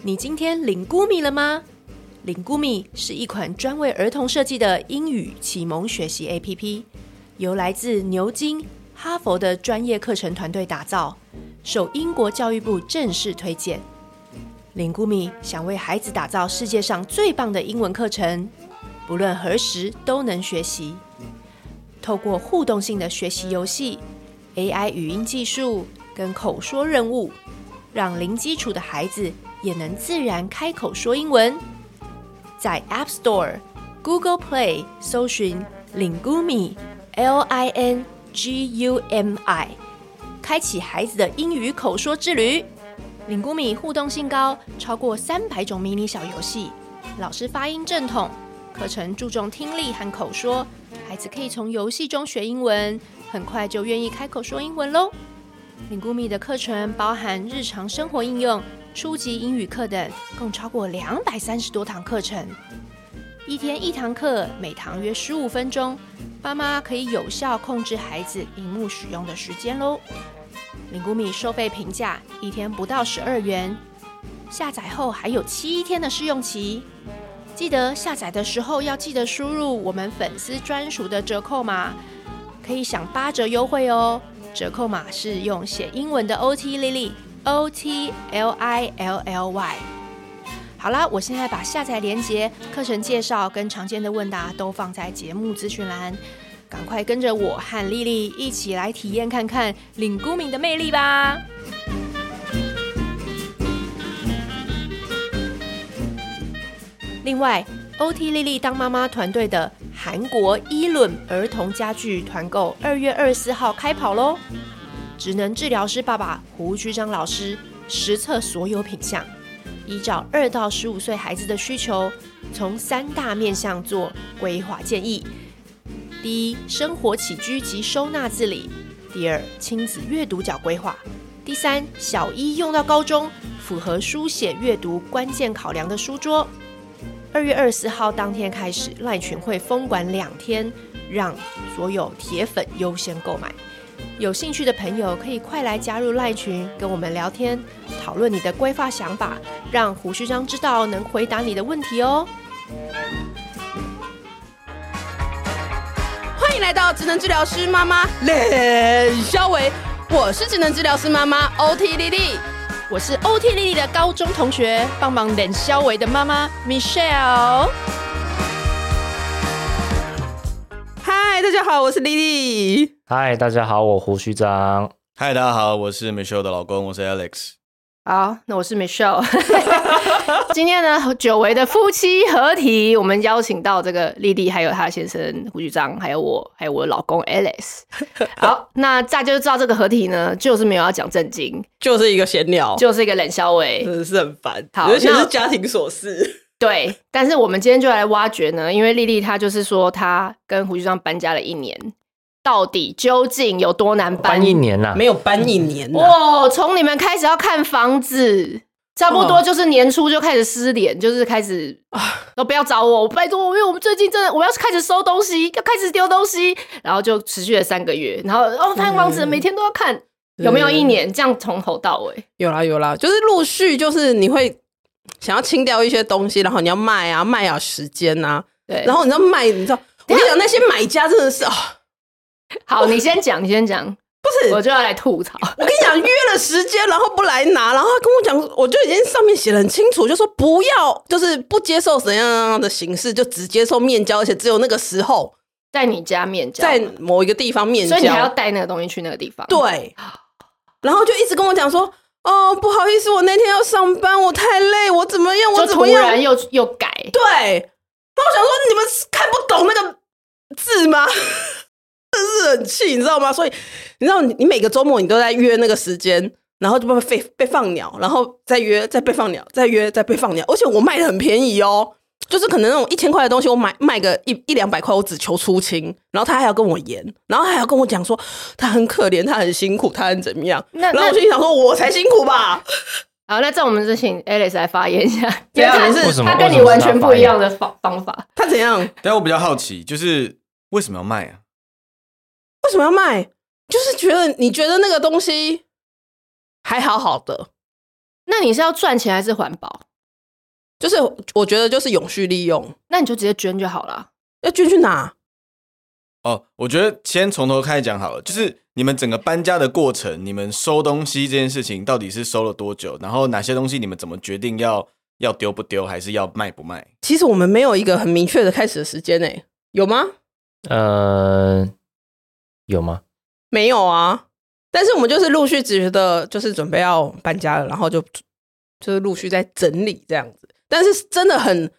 你今天 Lingumi 了嗎？Lingumi 是一款專為兒童設計的英語啟蒙學習 APP，由來自牛津、哈佛的專業課程團隊打造，受英國教育部正式推薦。Lingumi 想為孩子打造世界上最棒的英文課程，不論何時都能學習。透過互動性的學習遊戲、AI 語音技術跟口說任務，讓零基礎的孩子。也能自然開口說英文。在 App Store、Google Play 搜尋 “Lingumi”，L I N G U M I，開啟孩子的英語口說之旅。Lingumi 互動性高，超過三百種迷你小遊戲。老師發音正統，課程注重聽力和口說，孩子可以從遊戲中學英文，很快就願意開口說英文嘍。Lingumi 的課程包含日常生活應用。初級英語課等，共超過兩百三十多堂課程，一天一堂課，每堂約十五分鐘，爸媽可以有效控制孩子熒幕使用的時間咯，Lingumi 收費平價，一天不到十二元，下載後還有七天的試用期。記得下載的時候要記得輸入我們粉絲專屬的折扣碼，可以享八折優惠哦。折扣碼是用寫英文的 OTlilly。O T L I L LY，好啦，我現在把下載連結、課程介紹跟常見的問答都放在節目資訊欄，趕快跟着我和麗麗一起來體驗看看 Lingumi 的魅力吧。另外，O T 麗麗當媽媽團隊的韓國伊倫兒童家具團購，二月二十四號開跑咯。職能治療師爸爸胡局長老師實測所有品項，依照二到十五歲孩子的需求，從三大面向做規劃建議：第一，生活起居及收納自理；第二，親子閱讀角規劃；第三，小一用到高中符合書寫閱讀關鍵考量的書桌。二月二十四號當天開始，賴群會封館兩天，讓所有鐵粉優先購買。有興趣的朋友可以快來加入 Line 群，跟我們聊天討論你的規劃想法，讓胡旭章知道能回答你的問題哦。歡迎來到職能治療師媽媽練肖話，我是職能治療師媽媽 OT 莉莉，我是 OT 莉莉的高中同學，幫忙練肖話的媽媽 Michelle。嗨，大家好，我是莉莉。嗨，大家好，我胡鬚章。嗨，大家好，我是 Michelle 的老公，我是 Alex。好，那我是 Michelle。 今天呢，久違的夫妻合體，我們邀請到這個莉莉，還有她先生胡鬚章，還有我，還有我的老公 Alex。好， 那大家就知道這個合體呢，就是沒有要講正經，就是一個閒聊，就是一個練肖話。真的是很煩，尤其是家庭瑣事。對，但是我們今天就來挖掘呢，因為莉莉她就是說，她跟胡鬚章搬家了一年。到底究竟有多難搬一年吶、啊？沒有搬一年哇、啊哦！從你們開始要看房子，差不多就是年初就開始失聯，哦、就是開始啊，都不要找我，拜託，因為我們最近真的，我們要開始收東西，要開始丟東西，然後就持續了三個月，然後哦看房子，每天都要看、嗯、有沒有一年、嗯、這樣從頭到尾有啦有啦，就是陸續就是你會想要清掉一些東西，然後你要賣啊賣啊時間吶、啊，對，然後你知道賣，你知道我跟你講那些買家真的是哦。好，你先講，你先講。不是，我就要來吐槽。我跟你講，約了時間，然後不來拿，然後他跟我講，我就已經上面寫的很清楚，就說不要，就是不接受怎樣的形式，就只接受面交，而且只有那個時候在你家面交，在某一個地方面交，所以你還要帶那個東西去那個地方。對。然後就一直跟我講說，哦，不好意思，我那天要上班，我太累，我怎麼樣，我怎麼樣，又又改。對。然後我想說，你們看不懂那個字嗎？ 真是很氣，你知道嗎？所以你知道，你每個週末你都在約那個時間，然後就被被被放鳥，然後再約，再被放鳥，再約，再被放鳥。放鳥，而且我賣的很便宜哦，就是可能那種一千塊的東西，我買賣個一一兩百塊，我只求出清。然後他還要跟我演，然後他還要跟我講說他很可憐，他很辛苦，他很怎麼樣。那然後我就想說，我才辛苦吧。 好，那在我們就請 Alice 來發言一下。對啊，你是他跟你完全不一樣的方方法他。他怎樣？但我比較好奇，就是為什麼要賣啊？為什麼要賣？就是覺得你覺得那個東西還好好的，那你是要賺錢還是環保？就是我覺得就是永續利用，那你就直接捐就好了。要捐去哪？哦，我覺得先從頭開始講好了。就是你們整個搬家的過程，你們收東西這件事情到底是收了多久？然後哪些東西你們怎麼決定要要丟不丟，還是要賣不賣？其實我們沒有一個很明確的開始的時間誒、欸，有嗎？呃。有嗎？沒有啊，但是我們就是陸續只覺得就是準備要搬家了，然後就就是陸續在整理這樣子。但是真的很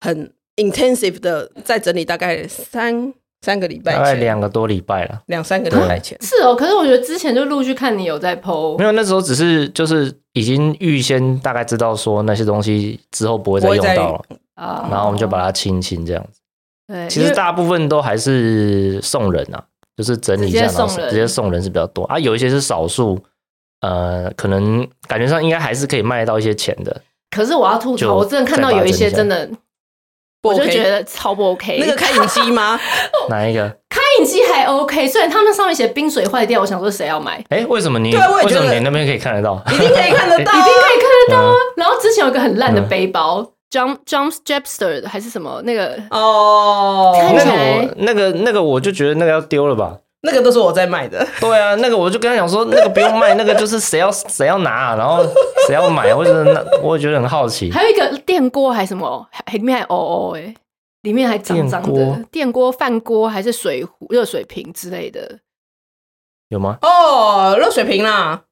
很 intensive 的在整理，大概三三個禮拜前，大概兩個多禮拜了，兩三個禮拜前。是哦，可是我覺得之前就陸續看你有在 po，沒有。那時候只是就是已經預先大概知道說那些東西之後不會再用到了啊，然後我們就把它清清這樣子。對，其實大部分都還是送人啊。就是整理一下，直接送人，直接送人是比較多啊。有一些是少數，呃，可能感覺上應該還是可以賣到一些錢的。可是我要吐槽，我真的看到有一些真的、OK，我就覺得超不 OK。那個開飲機嗎？ 哪一個？開飲機還 OK，雖然他們上面寫冰水壞掉，我想說誰要買？哎，為什麼你？對，我也覺得，為什麼你那邊可以看得到？一定可以看得到、啊， 一定可以看得到、啊嗯。然後之前有個很爛的背包。嗯嗯 Jump John, Jump Jester 還是什麼那個哦？那個、oh, 那個那個，那個、我就覺得那個要丟了吧？那個都是我在賣的。對啊，那個我就跟他講說，那個不用賣， 那個就是誰要誰要拿，然後誰要買，或者那我也覺，覺，覺得很好奇。還有一個電鍋還是什麼？還裡面還哦哦誒裡面還髒髒的。電鍋、飯鍋還是水壺、熱水瓶之類的？有嗎？哦，熱水瓶啦，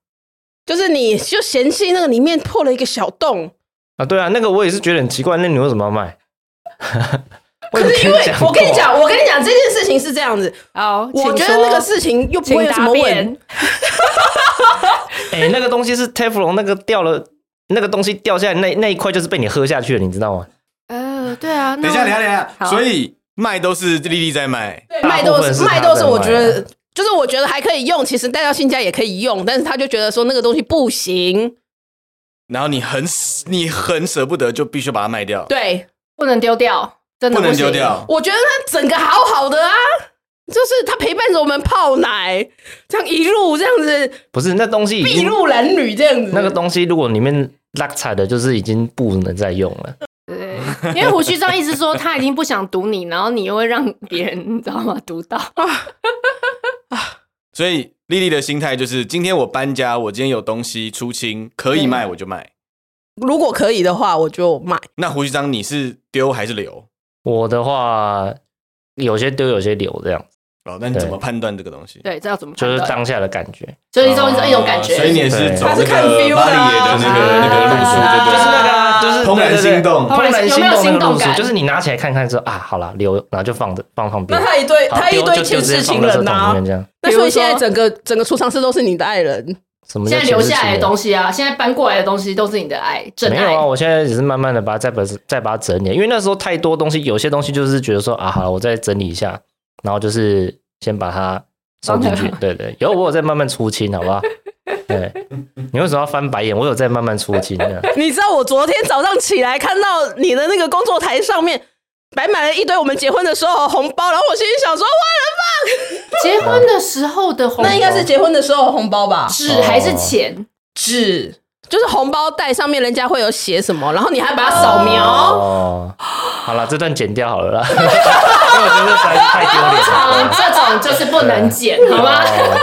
就是你就嫌棄那個裡面破了一個小洞。啊，對啊，那個我也是覺得很奇怪，那你為什麼要賣？ 可是因為我跟你講，我跟你講這件事情是這樣子，好，我覺得那個事情又不會怎麼變 、欸。那個東西是 Teflon，那個掉了，那個東西掉下來，那那一塊就是被你喝下去了，你知道嗎？呃，對啊。等一下，等一下，等一下。所以賣都是莉莉在賣，賣都是賣都是我覺得，就是我覺得還可以用，其實帶到新家也可以用，但是他就覺得說那個東西不行。然後你很捨，你很捨不得，就必須把它賣掉。對，不能丟掉，真的不，不能丟掉。我覺得它整個好好的啊，就是它陪伴着我們泡奶，這樣一路這樣子。不是那東西，篳路藍縷這樣子，嗯。那個東西如果裡面落差的，就是已經不能再用了。對、嗯，因為胡鬚章一直說他已經不想讀你， 然後你又會讓別人，你知道嗎？讀到。 所以，莉莉的心態就是：今天我搬家，我今天有東西出清，可以賣我就賣。如果可以的話，我就賣。那胡錫章，你是丟還是留？我的話，有些丟，有些留，這樣子哦、那你怎麼判斷這個東西？對，對這要怎麼判斷就是當下的感覺，就你是一種一種感覺、哦。所以你也是走那個哪裡的那個的、啊、那個路數，啊那個、對不對？就是、那個、就是怦然心動，怦然心動的路數。就是你拿起來看看說啊，好了留，然後就放着，放放旁邊。那他一堆，他一堆前世情人哪、啊？那所以現在整個整個儲藏室都是你的愛人。什麼情情？現在留下來的東西啊，現在搬過來的東西都是你的愛，真愛沒有啊！我現在只是慢慢的把它再把再把它整理，因為那時候太多東西，有些東西就是覺得說啊，好了，我再整理一下。然後就是先把它收進去、okay.，對，對對，有我有在慢慢出清，好不好？對，你為什麼要翻白眼？我有在慢慢出清、啊。你知道我昨天早上起來看到你的那個工作台上面擺滿了一堆我們結婚的時候的紅包，然後我心裡想說：哇，我的媽！結婚的時候的紅包，啊、那應該是結婚的時候的紅包吧？紙還是錢？哦、紙。就是紅包袋上面人家會有寫什麼，然後你還把它掃描。好了，這段剪掉好了啦。因為我覺得實在是太丟臉了。這種就是不能剪，好嗎、哦？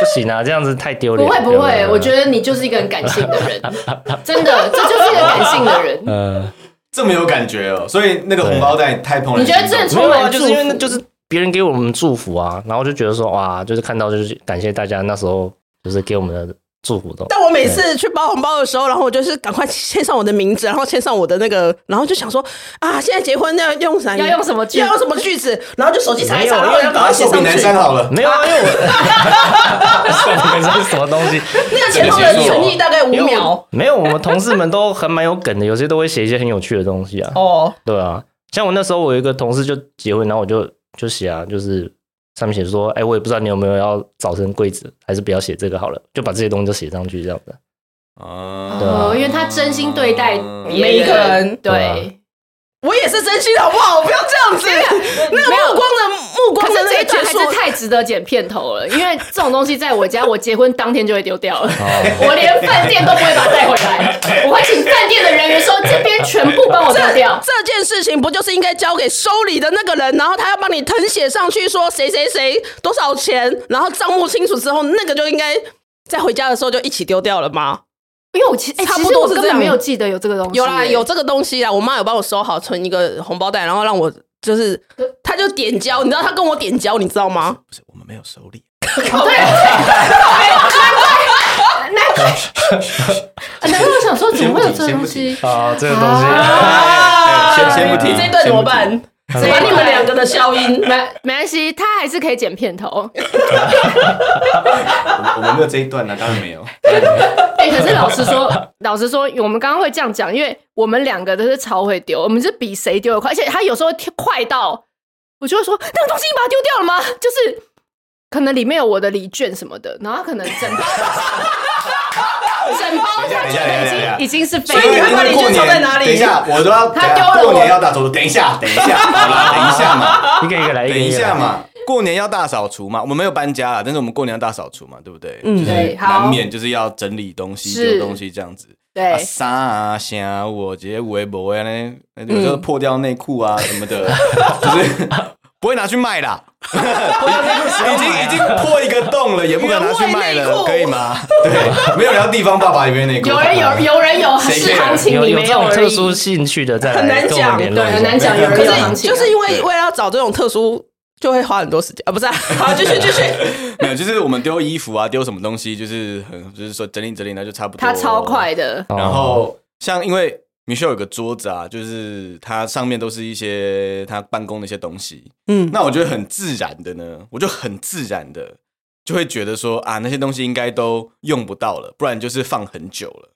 不行啊，這樣子太丟臉。不會不會，我覺得你就是一個很感性的人。 真的，這就是一個感性的人。呃，這麼有感覺哦、喔。所以那個紅包袋太碰了。你覺得這充滿、啊、就是因為那就是別人給我們祝福啊，然後就覺得說哇，就是看到就是感謝大家那時候就是給我們的。做活動。但我每次去包紅包的時候，然後我就是趕快簽上我的名字，然後簽上我的那個，然後就想說啊，現在結婚那要用啥？要用什麼句？要用什麼句子？呵呵呵，然後就手機查一查，然後要把它寫上去。南好了、啊，沒有啊？又 什麼東西？ 那個簽的誠意大概五秒。哦、沒有 沒有，我們同事們都還蠻有梗的， 有些都會寫一些很有趣的東西啊。哦、oh.，對啊，像我那時候，我有一個同事就結婚，然後我就就寫啊，就是、啊。上面寫說，哎、欸，我也不知道你有沒有要早生貴子，還是不要寫這個好了，就把這些東西都寫上去這樣子，嗯啊。哦，因為他真心對待、嗯、每一個人，對。對啊我也是真心的，好不好？我不要這樣子。那個目光的目光真的那一段，這還是太值得剪片頭了。因為這種東西，在我家， 我結婚當天就會丟掉了。 我連飯店都不會把它帶回來， 我會請飯店的人員說：“這邊全部幫我丟掉。這”這件事情不就是應該交給收禮的那個人，然後他要幫你謄寫上去，說誰誰誰多少錢，然後賬目清楚之後，那個就應該在回家的時候就一起丟掉了嗎？因為我其實差不多是這樣，欸、沒有記得有這個東西、欸欸有有個東西欸，有啦有這個東西啦，我媽有幫我收好，存一個紅包袋，然後讓我就是，他就點交。你知道他跟我點交，你知道嗎？不是，不是我們沒有收禮 對對。 對哈哈哈哈哈！男、啊、生，男生想說，怎麼會有這個東西、啊這個、東西？啊，這東西，先不先不提，這一對怎麼辦？有只有你們兩個的消音，沒 沒關係，他還是可以剪片頭。 我們沒有這一段呢、啊，當然沒有，當然沒有、欸。可是老實說， 老實說，我們剛剛會這樣講，因為我們兩個都是超會丟，我們是比誰丟得快，而且他有時候快到我就會說，那個東西你把它丟掉了嗎？就是可能裡面有我的禮券什麼的，然後他可能真的 等一下，等一下，等一下，已經是所以過年就等一下，過年要大掃除。等一下，等一下，好了，等一下嘛，一 個等一下嘛，過年要大掃除嘛，我們沒有搬家啊，但是我們過年要大掃除嘛，對不對？嗯、就是，難免就是要整理東西、丟東西這樣子。對，衫啊、鞋啊，啊，我直接圍脖啊，那有時候破掉內褲啊什麼的， 就是。 不會拿去賣的、啊， 已經已經破一個洞了，也不敢拿去賣了， 可以嗎？對，沒有聊地方，爸爸裡面內褲、個， 有人有，有人有是行情，你沒有這種特殊興趣的，這樣很難講，對，很難講。有人行情，是就是因為為了要找這種特殊，就會花很多時間啊。不是、啊，好、啊，繼續繼續， 沒有，就是我們丟衣服啊，丟什麼東西，就是很就是說整理整理那就差不多。他超快的，然後、oh. 像因為。你需要有個桌子啊，就是它上面都是一些他辦公的一些東西。嗯，那我覺得很自然的呢，我就很自然的就會覺得說啊，那些東西應該都用不到了，不然就是放很久了。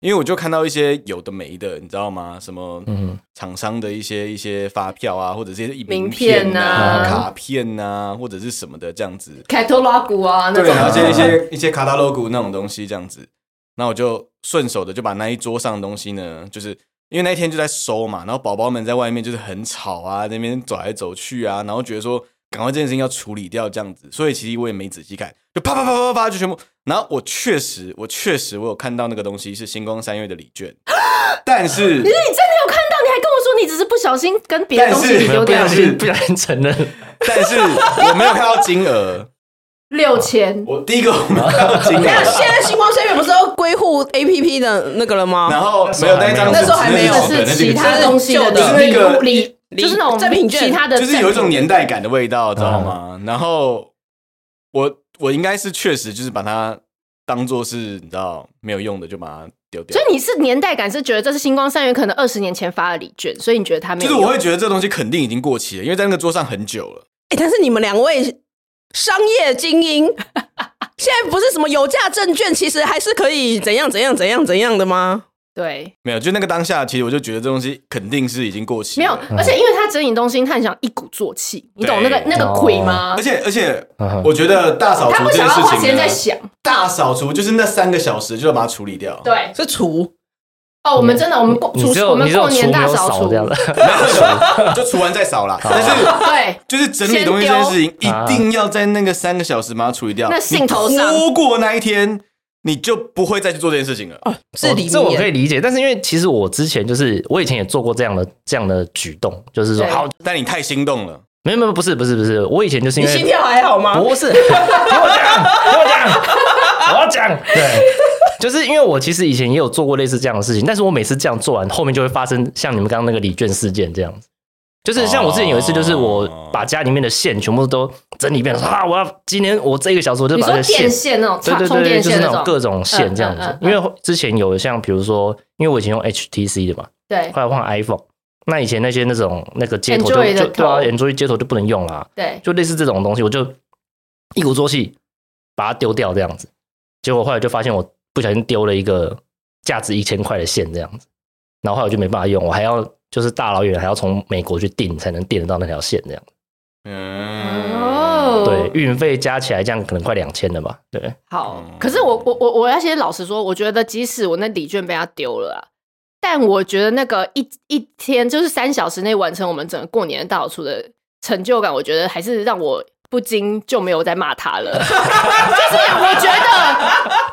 因為我就看到一些有的沒的，你知道嗎？什麼嗯，廠商的一些一些發票啊，或者這些名片，啊，名片啊，啊、卡片啊，或者是什麼的這樣子。凱特拉古啊，那種、啊啊、一些、啊、一些卡塔 t 古 l o g 那種東西這樣子。那我就順手的就把那一桌上的東西呢，就是因為那一天就在收嘛，然後寶寶們在外面就是很吵啊，那邊走來走去啊，然後覺得說趕快這件事情要處理掉這樣子，所以其實我也沒仔細看，就啪啪啪啪啪啪就全部。然後我確實，我確實我有看到那個東西是星光三月的禮券，啊，但是你，是你真的有看到，你還跟我說你只是不小心跟別的東西丟掉，不小心承認，但是，沒但是我沒有看到金額。 六千。啊、我第一個我，你、啊、看現在新光三越不是要歸戶 A P P 的那個了嗎？ 然後沒有那一張，那時候還沒有。是其他東西的，就是那個禮，就是那種贈品券，其他的，就是有一種年代感的味道，就是就是味道嗯、知道嗎？然後我我應該是確實就是把它當做是你知道沒有用的，就把它丟掉。所以你是年代感，是覺得這是新光三越可能二十年前發的禮券，所以你覺得它沒有？就是我會覺得這東西肯定已經過期了，因為在那個桌上很久了。哎、欸，但是你們兩位，商業精英，現在不是什麼有價證券，其實還是可以怎樣怎樣怎樣怎樣的嗎？對，沒有，就那個當下，其實我就覺得這東西肯定是已經過期了。沒有，而且因為他整理東西，他很想一鼓作氣，你懂那個那個鬼嗎？而且而且，我覺得大掃除這件事情，他不想要花錢在想，大掃除就是那三個小時就要把它處理掉，對，是除。哦，我們真的，我們過我們過年大掃除，沒有什麼，就除完再掃了。但是對，就是 整理東西這件事情，一定要在那個三個小時把它處理掉。那鏡頭如果那一天、嗯，你就不會再去做這件事情了。這、喔、這我可以理解，但是因為其實我之前就是我以前也做過這樣的這樣的舉動，就是說好、欸，但你太心動了。沒有沒有，不是不是不是，我以前就是因為你心跳還好嗎？不是， 給我講講 給我講講， 我要講對。就是因為我其實以前也有做過類似這樣的事情，但是我每次這樣做完，後面就會發生像你們剛剛那個禮券事件這樣子。就是像我之前有一次，就是我把家裡面的線全部都整理一遍，說啊，我要今天我這一個小時我就把這線電線那種對對對充電線，就是那種各種線這樣子、嗯嗯嗯嗯。因為之前有像比如說，因為我以前用 HTC 的嘛，對，後來換 iPhone，那以前那些那種那個接頭就，Android 的頭就對啊，安卓接頭就不能用了、啊，對，就類似這種東西，我就一鼓作氣把它丟掉這樣子。結果後來就發現我。不小心丟了一個價值一千塊的線這樣子，然後，後來我就沒辦法用，我還要就是大老遠還要從美國去訂才能訂得到那條線這樣子。對，運費加起來這樣可能快兩千了吧？對、oh.。好，可是我我我我要先老實說，我覺得即使我那禮券被他丟了，但我覺得那個一一天就是三小時內完成我們整個過年大掃除的成就感，我覺得還是讓我不禁就沒有再罵他了。 就是我覺得。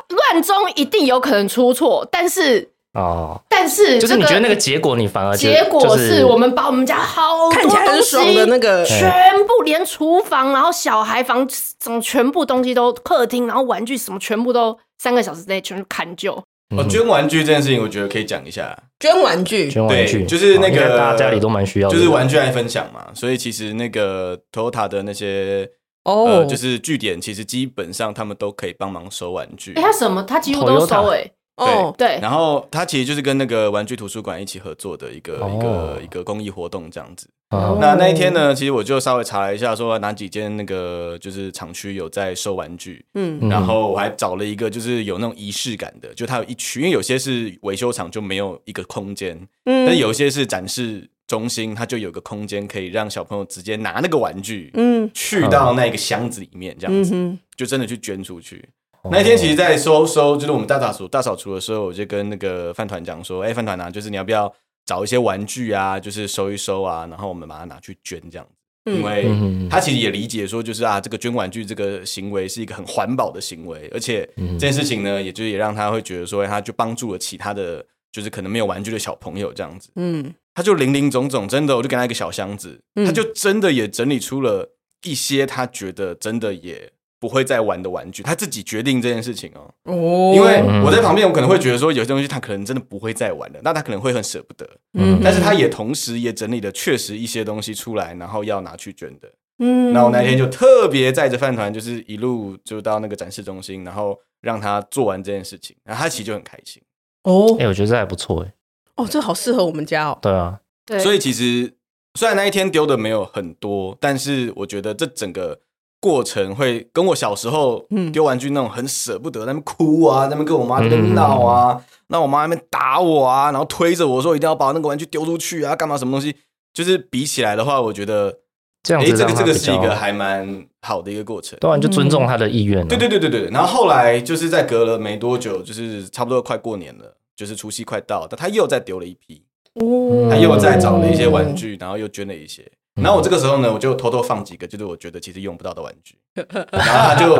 看中一定有可能出錯，但是哦，但是、這個、就是你覺得那個結果你反而、就是、結果是我們把我們家好多東西看起來很爽的那個全部連廚房，然後小孩房什麼全部東西都客廳，然後玩具什麼全部都三個小時內全部砍就。我、哦、捐玩具這件事情，我覺得可以講一下。捐玩具，捐玩具就是那個、哦、大家家裡都蠻需要，就是玩具愛分享嘛，所以其實那個 Toyota 的那些。哦、oh. 呃，就是據點，其實基本上他們都可以幫忙收玩具。哎、欸，他什麼？他幾乎都收哎、欸。對、oh, 對。然後他其實就是跟那個玩具圖書館一起合作的一個、oh. 一個一個公益活動這樣子。Oh. 那那一天呢，其實我就稍微查了一下，說哪幾間那個就是廠區有在收玩具。嗯。然後我還找了一個就是有那種儀式感的，就它有一區，因為有些是維修廠就沒有一個空間，嗯、oh.，但有些是展示。中心，它就有個空間可以讓小朋友直接拿那個玩具，嗯，去到那個箱子裡面，這樣子，就真的去捐出去。那天其實，在收收，就是我們大掃除大掃除的時候，我就跟那個飯團講說：“哎，飯團啊，就是你要不要找一些玩具啊，就是收一收啊，然後我們把它拿去捐這樣。因為他其實也理解說，就是啊，這個捐玩具這個行為是一個很環保的行為，而且這件事情呢，也就是也讓他會覺得說，他就幫助了其他的。”就是可能沒有玩具的小朋友這樣子，嗯，他就林林總總，真的，我就給他一個小箱子，嗯，他就真的也整理出了一些他覺得真的也不會再玩的玩具，他自己決定這件事情哦，哦，因為我在旁邊，我可能會覺得說，有些東西他可能真的不會再玩了，那他可能會很捨不得，嗯，但是他也同時也整理了確實一些東西出來，然後要拿去捐的，嗯，那我那天就特別載着飯糰，就是一路就到那個展示中心，然後讓他做完這件事情，然後他其實就很開心。哦，哎，我覺得這還不錯哎。哦，這好適合我們家哦。對啊，對。所以其實雖然那一天丟的沒有很多，但是我覺得這整個過程會跟我小時候丟玩具那種很舍不得，那邊哭啊，那邊跟我媽在那邊鬧啊，嗯、然後我那我媽那邊打我啊，然後推着我說一定要把那個玩具丟出去啊，幹嘛什麼東西，就是比起來的話，我覺得這樣，哎、欸，這個這個是一個還蠻好的一個過程，當然、啊、就尊重他的意願、啊嗯。對對對對對。然後後來就是在隔了沒多久，就是差不多快過年了。就是除夕快到，但他又再丟了一批、嗯，他又再找了一些玩具，嗯、然後又捐了一些、嗯。然後我這個時候呢，我就偷偷放幾個，就是我覺得其實用不到的玩具。 然後他就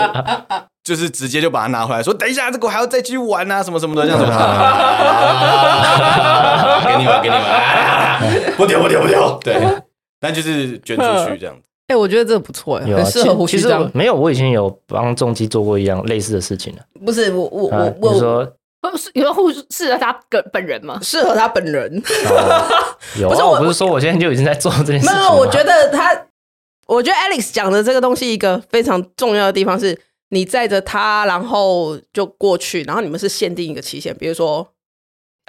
就是直接就把它拿回來，說等一下，這個還要再去玩啊，什麼什麼的，這樣子。給你玩，給你玩，不、啊、丟，不丟，不丟。不丟不丟不丟 對，但就是捐出去這樣子。欸、我覺得這個不錯哎、啊，很適合除夕這樣。其實沒有，我以前有幫重機做過一樣類似的事情不是我，我，我，啊、我。就是說不是你說護士適合他個本人嗎？適合他本人、哦，有啊、 不是我，我不是說我現在就已經在做這件事情。沒有，我覺得他，我覺得 Alex 講的這個東西一個非常重要的地方是，你載着他，然後就過去，然後你們是限定一個期限，比如說、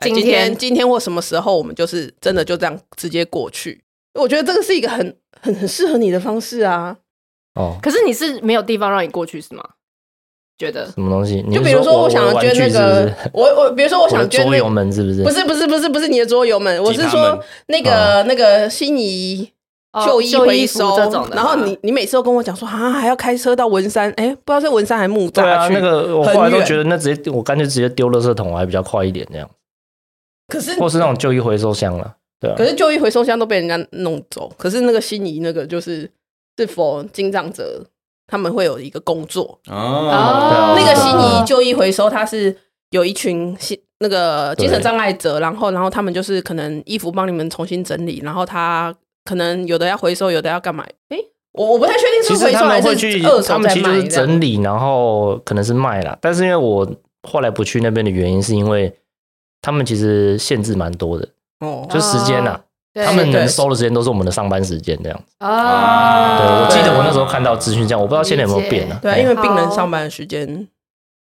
欸、今天、今天、今天或什麼時候，我們就是真的就這樣直接過去。我覺得這個是一個很很很適合你的方式啊。哦，可是你是沒有地方讓你過去是嗎？覺得什麼東西？就比如說，我想捐那個，我是是我，我比如說，我想捐那個、桌遊門是不是，不是不是不是不是你的，桌遊門，我是說那個那個新宜舊衣回收、哦、然後你你每次都跟我講說啊，還要開車到文山，哎、欸，不知道是文山還木柵去。對啊，那個我後來都覺得那直接，我乾脆直接丟垃圾桶，還比較快一點這樣。可是，或是那種舊衣回收箱了、啊，對啊。可是舊衣回收箱都被人家弄走。可是那個新宜那個就是，是 for 精障者。他們會有一個工作哦，那個悉尼舊衣回收，他是有一群那個精神障礙者，然後然後他們就是可能衣服幫你們重新整理，然後他可能有的要回收，有的要幹嘛、欸、誒，我我不太確定是回收還是二手再賣的。他們其實整理，然後可能是賣了，但是因為我後來不去那邊的原因，是因為他們其實限制蠻多的哦，就時間啊。他們能收的時間都是我們的上班時間這樣子。啊，對，對，對我記得我那時候看到資訊這樣，我不知道現在有沒有變呢？啊？對，因為病人上班的時間。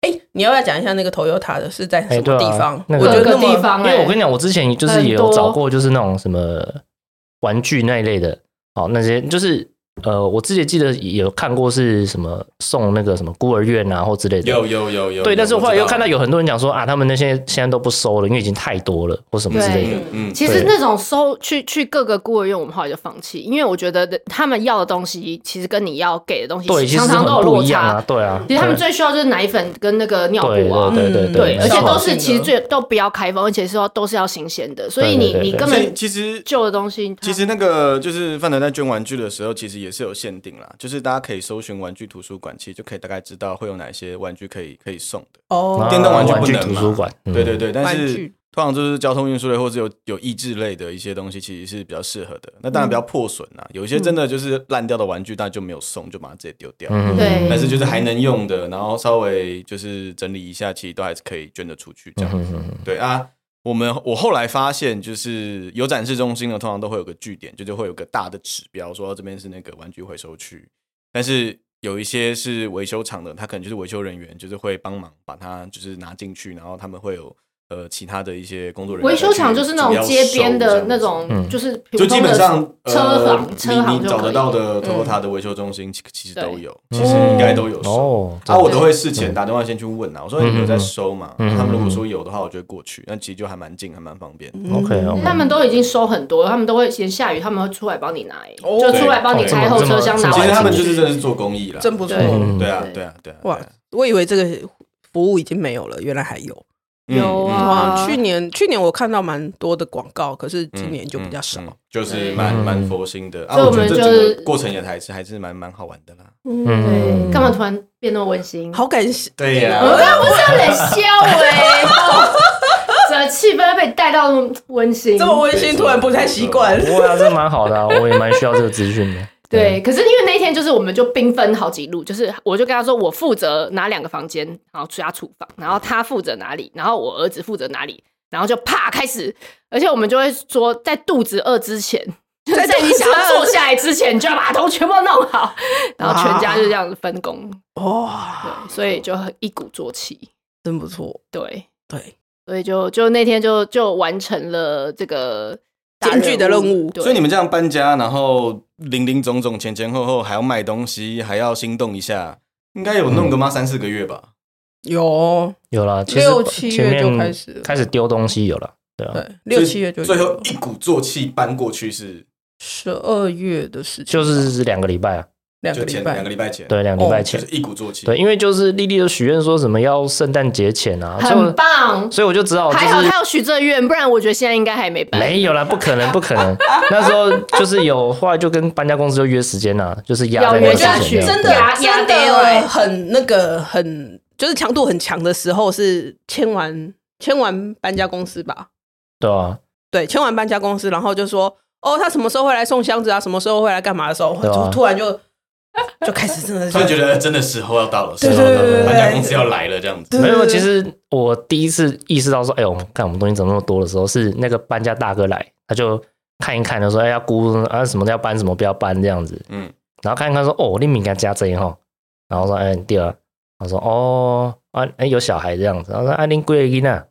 哎，欸，你要不要講一下那個 Toyota 的是在什麼地方？欸啊那個，我覺得那，那個地方，欸，因為我跟你講，我之前就是也有找過，就是那種什麼玩具那一類的，哦，那些就是。呃，我自己記得有看過是什麼送那個什麼孤兒院啊，或之類的。有有有有，有。對，但是我後來又看到有很多人講說啊，他們那些現在都不收了，因為已經太多了或什麼之類的。嗯，嗯，其實那種收去去各個孤兒院，我們後來就放棄，因為我覺得他們要的東西其實跟你要給的東西其實常常都有落差對，啊。對啊。其實他們最需要就是奶粉跟那個尿布啊，對對對，對，對，對，對，對，而且都是其實最都不要開封，而且是說都是要新鮮的。所以你對對對對你根本其實舊的東西其，其實那個就是范德在捐玩具的時候，其實也。也是有限定啦，就是大家可以搜尋玩具圖書館，其實就可以大概知道會有哪些玩具可以可以送的哦。Oh, 電動玩具不能嘛？對對對，嗯、但是通常就是交通運輸類或者有有益智類的一些東西，其實是比較適合的。那當然比較破損啊、嗯，有一些真的就是爛掉的玩具，大、嗯、家就沒有送，就把它直接丟掉。對、嗯嗯，但是就是還能用的，然後稍微就是整理一下，其實都還是可以捐得出去這樣、嗯。對啊。我們我後來發現，就是有展示中心的，通常都會有個據點，就就是會有個大的指標，說這邊是那個玩具回收區。但是有一些是維修廠的，他可能就是維修人員，就是會幫忙把它就是拿進去，然後他們會有。呃，其他的一些工作人員，維修廠就是那種街邊的那種，嗯、就是就基本上、呃、車行車行找得到的 t o 他的維修中心其其實都有，嗯、其實應該都有收、嗯。啊，我都會事前打電話先去問啊，我說你沒有在收嘛、嗯嗯？他們如果說有的話，我就會過去。那其實就還蠻近，還蠻方便。OK、嗯嗯、他們都已經收很多，他們都會先下雨，他們會出來幫你拿、嗯，就出來幫你開後車廂拿、哦。其實他們就是真的是做公益了，真不錯、啊。對啊，對啊，對啊。哇，我以為這個服務已經沒有了，原來還有。嗯、有啊，嗯嗯、去年去年我看到蠻多的廣告、嗯，可是今年就比較少，嗯、就是蠻蠻佛心的。我、嗯、覺、啊、我們就是啊、我得這個過程也還是還是蠻蠻好玩的啦。嗯，對，幹、嗯、嘛突然變那麼溫馨？好感謝，對呀、啊，我剛不是要冷笑哎、欸，整個氣氛被帶到那麼溫馨，這麼溫馨突然不太習慣。我不過、啊、這蠻好的、啊， 我也蠻需要這個資訊的。對，可是因為那天就是我們就兵分好幾路，就是我就跟他說我負責哪兩個房間，然後加廚房，然後他負責哪裡，然後我兒子負責哪裡，然後就啪開始，而且我們就會說在肚子餓之前， 就在你想要坐下來之前，就要把頭全部弄好， 然後全家就這樣子分工，啊、哇，對，所以就一鼓作氣，真不錯，對對，所以就就那天就就完成了這個。艱巨的任務。對，所以你們這樣搬家，然後零零總總，前前後後，還要買東西，還要心動一下，應該有弄個嗎，嗯、三四個月吧？有，有了，啊，六七月就開始開始丟東西，有了，對啊，六七月就最後一鼓作氣搬過去是十二月的時間，就是兩個禮拜啊。兩個禮拜，兩個禮拜前，對，兩禮拜前，哦就是、一鼓作氣，對，因為就是莉莉都許願說什麼要聖誕節前啊，很棒，所以我就知道、就是，還好還有許這個願，不然我覺得現在應該還沒搬，沒有啦，不可能，不可能， 那時候就是有話就跟搬家公司就約時間了、啊，就是壓在那邊，真的，押真的、欸，很那個，很就是強度很強的時候是簽完簽完搬家公司吧，對啊，對，簽完搬家公司，然後就說哦，他什麼時候會來送箱子啊？什麼時候會來幹嘛的時候，就突然就。就開始真的突然覺得真的時候要到了，時候要到了，對對對，對，搬家公司要來了這樣子。沒有，其實我第一次意識到說，哎呦，看我們東西怎麼那麼多的時候，是那個搬家大哥來，他就看一看，就說，哎，要估啊什麼要搬什麼不要搬這樣子。嗯，然後看一看說，哦，你林敏家真哈，然後說，哎，第二、啊，他說，哦，啊，哎，有小孩這樣子，然後說，哎、啊，林貴一吶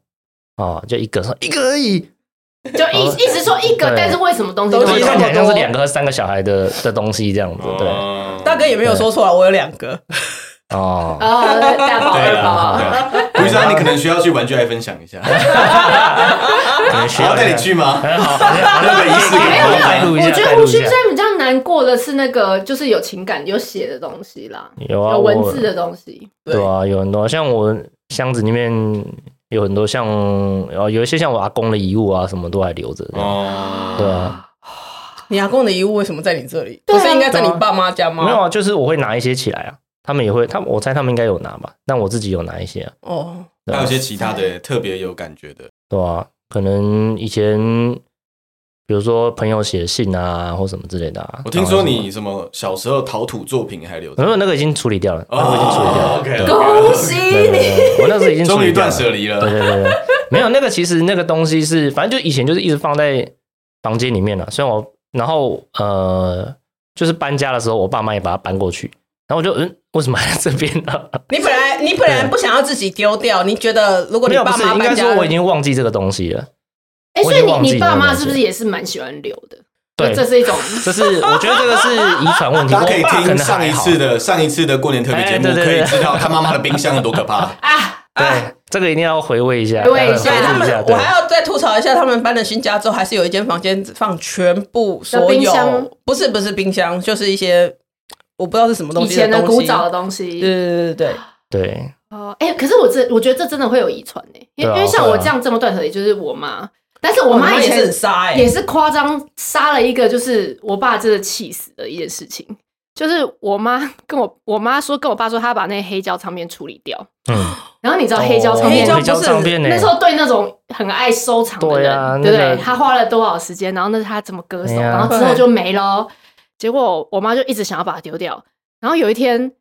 哦，就一個說，說一個而已，就一一直說一個， 但是為什麼東西都看起來都是兩個、三個小孩的的東西這樣子，對。哦兩個也沒有說錯啊，我有兩個哦哦，對，對了，胡吳山，你可能需要去玩具來分享一下， 需要啊、我要帶你去嗎？沒有沒有，我覺得吳生比較難過的是那個，就是有情感有寫的東西啦，有文字的東西，啊對，對啊，有很多像我箱子裡面有很多像，有一些像我阿公的遺物啊，什麼都還留着、哦，對啊。你阿公的遺物為什麼在你這裡？啊、不是應該在你爸媽家嗎？啊啊？沒有啊，就是我會拿一些起來啊。他們也會，他們我猜他們應該有拿吧，但我自己有拿一些啊。哦，啊、還有一些其他的，欸、特別有感覺的，對啊，可能以前比如說朋友寫信啊，或什麼之類的啊。我聽說你什麼，什麼小時候陶土作品還留在沒有那個已經處理掉了，哦、我已經處理掉了。哦、OK，恭喜你，我那時候已經終於斷捨離了。對對對， 對對對，沒有那個，其實那個東西是，反正就以前就是一直放在房間裡面了。雖然我。然後呃，就是搬家的時候，我爸媽也把它搬過去。然後我就嗯，為什麼還在這邊呢？你本來你本來不想要自己丟掉，你覺得如果你爸媽有，應該說我已經忘記這個東西了。哎、欸，所以你你爸媽是不是也是蠻喜歡留的？對，這是一種，這是 我覺得這個是遺傳問題。我可以聽上一次的上一次的，上一次的過年特別節目，哎、對對對，可以知道他媽媽的冰箱有多可怕 啊！對、啊。這個一定要回味一下，對、欸、對，他們我還要再吐槽一下，他們搬了新家之後，還是有一間房間放全部所有冰箱，不是不是冰箱，就是一些我不知道是什麼東西的東西，以前的古早的東西。對對對對哦，哎、欸，可是我這我覺得這真的會有遺傳哎，因為像我這樣這麼斷捨離，也就是我媽、嗯，但是我媽也是很殺也是誇張殺了一個，就是我爸真的氣死的一件事情。就是我媽跟我我媽說，跟我爸說，她把那黑膠唱片處理掉。嗯，然後你知道黑膠唱片就是那時候對那種很愛收藏的人，對不、啊、對，對，對、那個？他花了多少時間？然後那是他怎麼割手、啊？然後之後就沒了、喔。 結果我媽就一直想要把它丟掉。然後有一天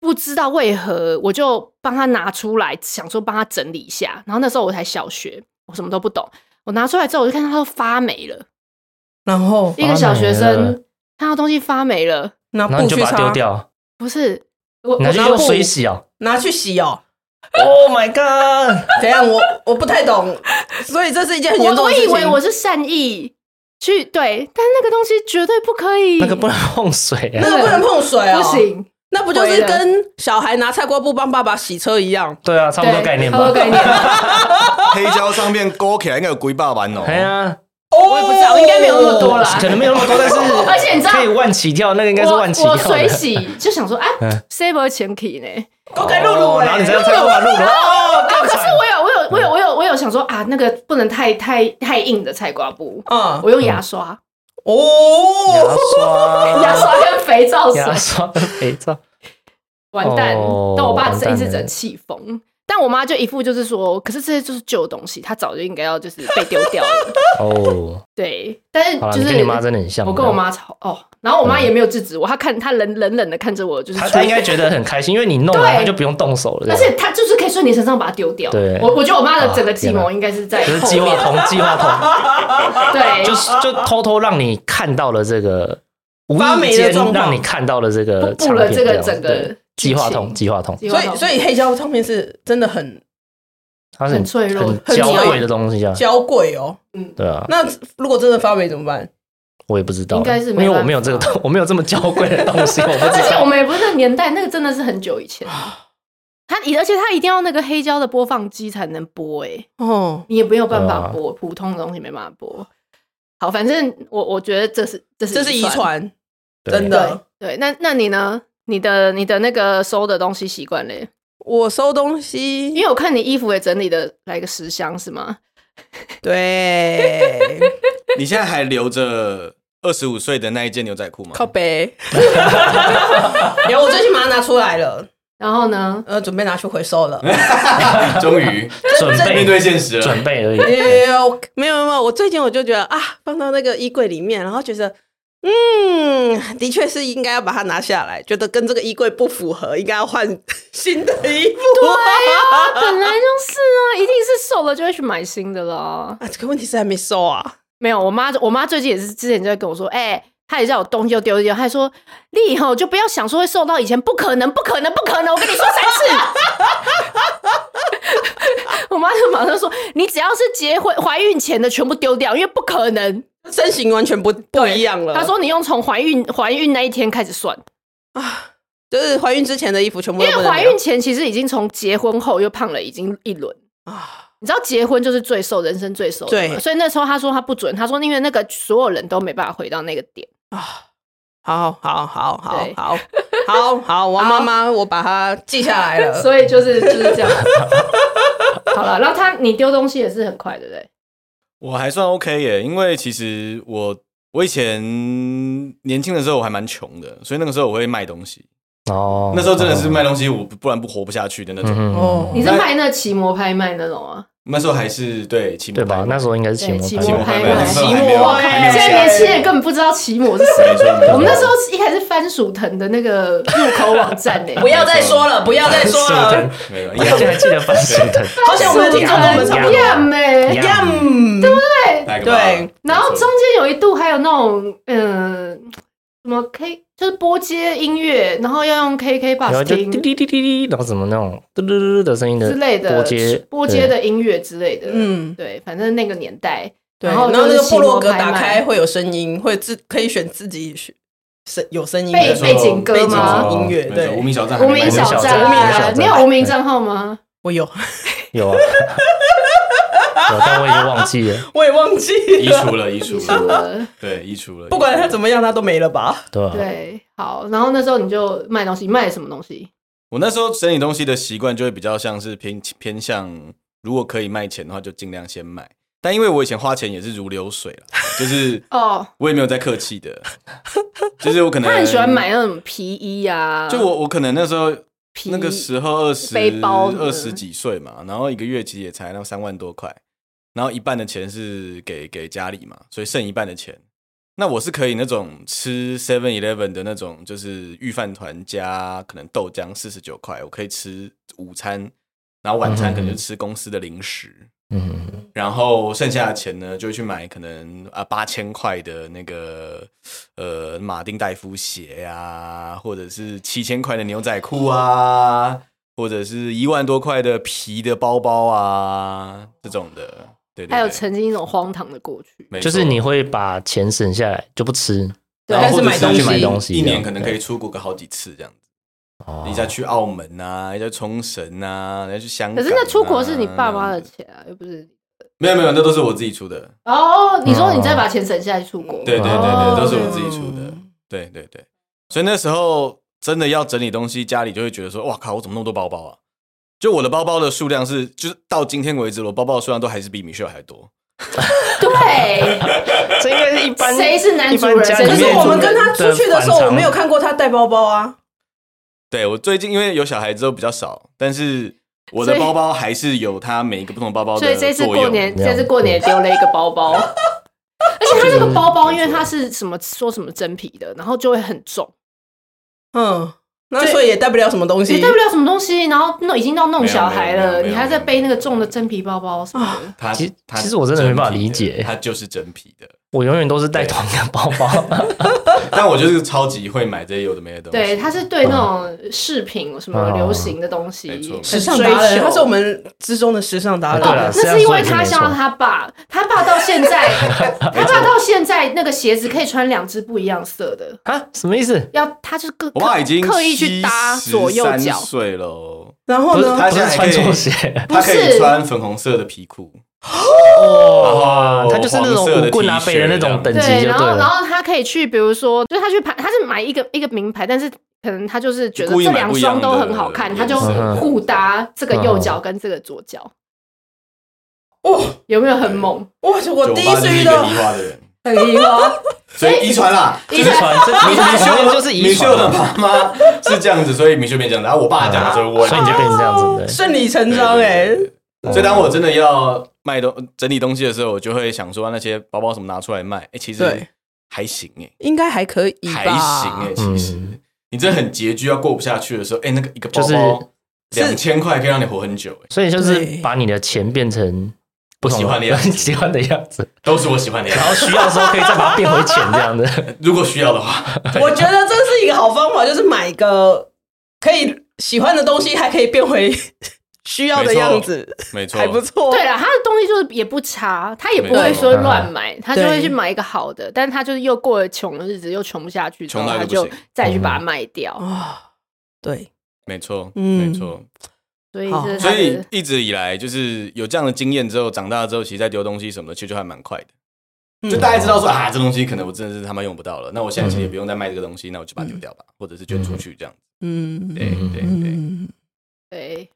不知道為何，我就幫他拿出來，想說幫他整理一下。然後那時候我才小學，我什麼都不懂。我拿出來之後，我就看到它都發霉了。然後一個小學生看到東西發霉了。拿布去擦，你就把它丟掉？不是，拿去用水洗哦、喔，拿去洗哦、喔。Oh my god！怎 樣？我我不太懂，所以這是一件很嚴重的事情。我以為我是善意去對，但那個東西絕對不可以，那個不能碰水、啊，那個不能碰水啊、喔！不行，那不就是跟小孩拿菜瓜布幫爸爸洗車一樣？對啊，差不多概念吧，吧概念。 黑膠唱片勾起來應該有幾百萬哦、喔。啊。Oh, 我也不知道，我應該沒有那麼多啦。可能沒有那麼多，但是而且你知道，可以萬起跳， 那個應該是萬起跳。我水洗就想說，哎 Saber 潛艇呢？交、哦、給露露了。你怎麼把露露？哦，可是我有，我有，我有，我有，我有想說啊，那個不能太太太硬的菜瓜布，嗯，我用牙刷哦，牙刷，牙刷跟肥皂，牙刷跟肥皂，完蛋。但我爸的聲音是人氣風。但我媽就一副就是說，可是這些就是舊東西，她早就應該要就是被丟掉了。哦、oh.，對，但是就是你媽真的很像我跟我媽吵，哦，然後我媽也沒有制止我，oh、她看她冷冷冷的看着我，就是她應該覺得很開心，因為你弄完她就不用動手了，但是她就是可以順你身上把它丟掉。對，我我覺得我媽的整個計謀應該是在計劃通計劃通，啊、 對，就是就偷偷讓你看到了這個發霉的狀況，無意間讓你看到了這個了這個整個。計劃通，計劃通，所以所以黑膠唱片是真的很，它是很脆弱、很嬌貴的東西啊，嬌貴哦，嗯，對啊。那如果真的發霉怎麼辦？我也不知道，應該是沒有，因為我沒有這個東，我沒有這麼嬌貴的東西， 我不知道。 而且我們也不是年代，那個真的是很久以前。它 一而且它一定要那個黑膠的播放機才能播、欸，哎，哦，你也沒有辦法播、啊，普通的東西沒辦法播。好，反正我我覺得這是這是這是遺傳，真的對。那那你呢？你的你的那個收的東西習慣嘞？我收東西，因為我看你衣服也整理的來個十箱是嗎？對。 你現在還留着二十五歲的那一件牛仔褲嗎？靠背。有、 欸，我最近把它拿出來了， 然後呢，呃，準備拿去回收了。 終於 準備 對面對現實了，準備而已。Yeah, okay. 沒有沒有沒有，我最近我就覺得啊，放到那個衣櫃裡面，然後覺得。嗯，的確是應該要把它拿下來，覺得跟這個衣櫃不符合，應該要換新的衣服啊。對啊，本來就是啊，一定是瘦了就會去買新的啦。啊，這個問題是還沒瘦啊？沒有，我媽，我媽最近也是之前就會跟我說，哎，欸，她也知道我東就丟掉。她說你以後就不要想說會瘦到以前，不可能，不可能，不可能，我跟你說三次。 我媽就馬上說，你只要是結婚、懷孕前的全部丟掉，因為不可能。身形完全不不一樣了。他說：“你用從懷孕懷孕那一天開始算啊，就是懷孕之前的衣服全部都不，因為懷孕前其實已經從結婚後又胖了已經一輪啊，你知道結婚就是最瘦，人生最瘦的，對，所以那時候他說他不准，他說因為那個所有人都沒辦法回到那個點啊，好好好好好好好我媽媽好我媽媽我把它記下來了，所以就是就是這樣， 好了，然後他你丟東西也是很快，對不對？”我還算 OK 耶，因為其實我我以前年輕的時候我還蠻窮的，所以那個時候我會賣東西哦。Oh, 那時候真的是賣東西，我不然不活不下去的那種。哦、mm -hmm. mm -hmm.，你是賣那奇摩，拍賣那種啊？那時候還是對奇摩對吧？那時候應該是奇摩，奇摩，奇摩。現在年輕人根本不知道奇摩是什麼。 我們那時候一開始是番薯藤的那個入口網站哎、欸， 不，要 不要再說了，不要再說了，沒有，我現在還記得番薯藤， 好像我們有聽眾們對不對？Yum, 對，對。然後中間有一度還有那種嗯。呃什麼 K 就是撥接音樂，然後要用 KK 把聲音滴滴滴滴滴，然後怎麼那種嘟嘟嘟嘟的聲音的播之類的，撥接撥接的音樂之類的，嗯，對，反正那個年代，然後就然後那個部落格打開會有聲音，會自可以選自己選有聲音背背景歌嗎？音樂對，對，無名小站，啊、無名小站，你有無名賬號嗎？我有，有、啊。 但我已經忘記了，我也忘記, 也忘記 移除了移除了 對，對移除了，不管他怎麼樣，他都沒了吧？對、啊，對，好。然後那時候你就賣東西，賣什麼東西？我那時候整理東西的習慣就會比較像是偏偏向，如果可以賣錢的話，就儘量先賣。但因為我以前花錢也是如流水啦 就是哦，我也沒有在客氣的，就是我可能 他很喜歡買那種皮衣啊。就我我可能那時候那個時候二十背包二十幾歲嘛，然後一個月其實也才那三萬多塊。然後一半的錢是給給家裡嘛，所以剩一半的錢，那我是可以那種吃 Seven Eleven 的那種，就是御飯糰加可能豆漿四十九塊，我可以吃午餐，然後晚餐可能就吃公司的零食，嗯嗯。然後剩下的錢呢，就會去買可能啊八千塊的那個呃馬汀大夫鞋啊，或者是七千塊的牛仔褲啊，或者是一萬多塊的皮的包包啊這種的。對對對，還有曾經一種荒唐的過去，沒，就是你會把錢省下來就不吃，對，然後是去買東西，一年可能可以出國個好幾次這樣子。你再去澳門啊，再去沖繩啊，你再去香港啊。可是那出國是你爸媽的錢啊，又不是。沒有沒有，那都，都是我自己出的。哦，你說你再把錢省下來出國？嗯、對，對對對對，都是我自己出的。嗯、對，對對對，所以那時候真的要整理東西，家裡就會覺得說：哇靠，我怎麼那麼多包包啊？就我的包包的數量是，就是到今天為止，我包包的數量都還是比米 l e 還多。對，所以該是一般。誰是男主人？可是我們跟他出去的時候的，我沒有看過他帶包包啊。對，我最近因為有小孩之後比較少，但是我的包包還是有他每一個不同的包包的所。所以這次過年，這次過年丟了一個包包。 而且他 這個包包，因為他是什麼說什麼真皮的，然後就會很重。嗯。那所以也帶不了什麼東西，也帶不了什麼東西，然後弄已經弄弄小孩了，你還在背那個重的真皮包包什麼的，啊他其實他的？其實我真的沒辦法理解，它就是真皮的。我永遠都是帶同個包包，但我就是超級會買這些有的沒的東西。 對，他是對那種飾品什麼流行的東西，時尚達人。他、哦哦哦、是我們之中的時尚達人、哦對哦。那是因為他像他爸，他爸到現在 ，他爸到現在那個鞋子可以穿兩隻不一樣色的 啊？什麼意思？要他就是個我爸已經刻意去搭左右腳了。然後呢，他現在穿拖鞋，他可以穿粉紅色的皮褲。哦，他、啊、就是那種骨棍啊，背的那種等級，就對就、哦哦對。然後然後他可以去，比如說，就他去拍，他是買一個一個名牌，但是可能他就是覺得這兩雙都很好看，他就互搭這個右腳跟這個左腳、哦。哦，有沒有很猛？哦、哇，我第一次遇到很厲害，所以遺傳啦，遺傳，遺明秀就是明秀的媽媽是這樣子，所以明秀變這樣，然後我爸講、啊，所以我就變成這樣子，順理成章哎。所以，當我真的要賣東整理東西的時候，我就會想說那些包包什麼拿出來賣。哎，其實還行哎，應該還可以還行哎、欸，其實你真的很拮據，要過不下去的時候，哎，那個一個包包兩千塊可以讓你活很久、欸。所以就是把你的錢變成不喜歡你很喜歡的樣子，都是我喜歡的樣子。然後需要的時候可以再把它變回錢這樣子。如果需要的話，我覺得這是一個好方法，就是買個可以喜歡的東西，還可以變回。需要的樣子沒，沒錯，還不錯。對啊，他的東西就是也不差，他也不會說亂買，他就會去買一個好的。但他就是又過了窮的日子，又窮不下去，然後他就再去把它賣掉。嗯、對，沒錯、嗯，沒錯。所以，所以一直以來就是有這樣的經驗之後，長大之後，其實在丟東西什麼的，其實還蠻快的。嗯、就大家知道說，啊，這東西可能我真的是他媽用不到了、嗯。那我現在其實也不用再賣這個東西，那我就把它丟掉吧、嗯，或者是捐出去這樣。嗯，對對對。對對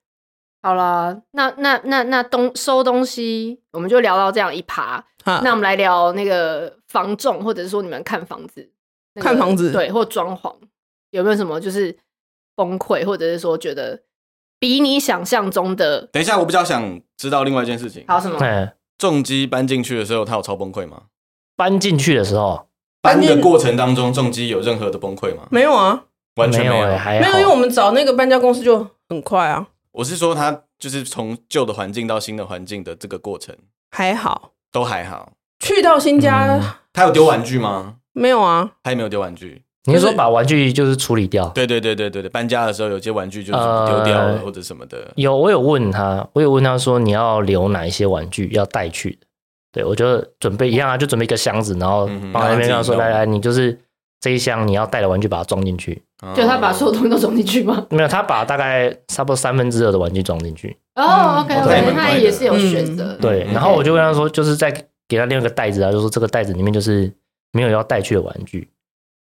好了，那那那那東收東西，我們就聊到這樣一趴。那我們來聊那個房仲，或者是說你們看房子，那個、看房子，對，或裝潢，有沒有什麼就是崩潰，或者是說覺得比你想象中的？等一下，我比較想知道另外一件事情。有什麼？嗯、重機搬進去的時候，他有超崩潰嗎？搬進去的時候，搬的過程當中，重機有任何的崩潰嗎？沒有啊，完全沒有，、啊沒有欸，還沒有，因為我們找那個搬家公司就很快啊。我是說，他就是從舊的環境到新的環境的這個過程，還好，都還好。去到新家，嗯、他有丟玩具嗎？沒有啊，他也沒有丟玩具。你是說把玩具就是處理掉？對、就是、對對對對對。搬家的時候有些玩具就是丟掉了，呃、或者什麼的。有，我有問他，我有問他，說你要留哪一些玩具要帶去？對，我就準備一樣啊，就準備一個箱子，然後旁邊，然後說來來，你就是。這一箱你要帶的玩具，把它裝進去，就他把所有東西都裝進去嗎？ 沒有，他把大概差不多三分之二的玩具裝進去哦。哦，OK，, okay 我覺得他也是有選擇，嗯。對，然後我就跟他說，就是在給他另外一個袋子啊，嗯，就是，說這個袋子裡面就是沒有要帶去的玩具，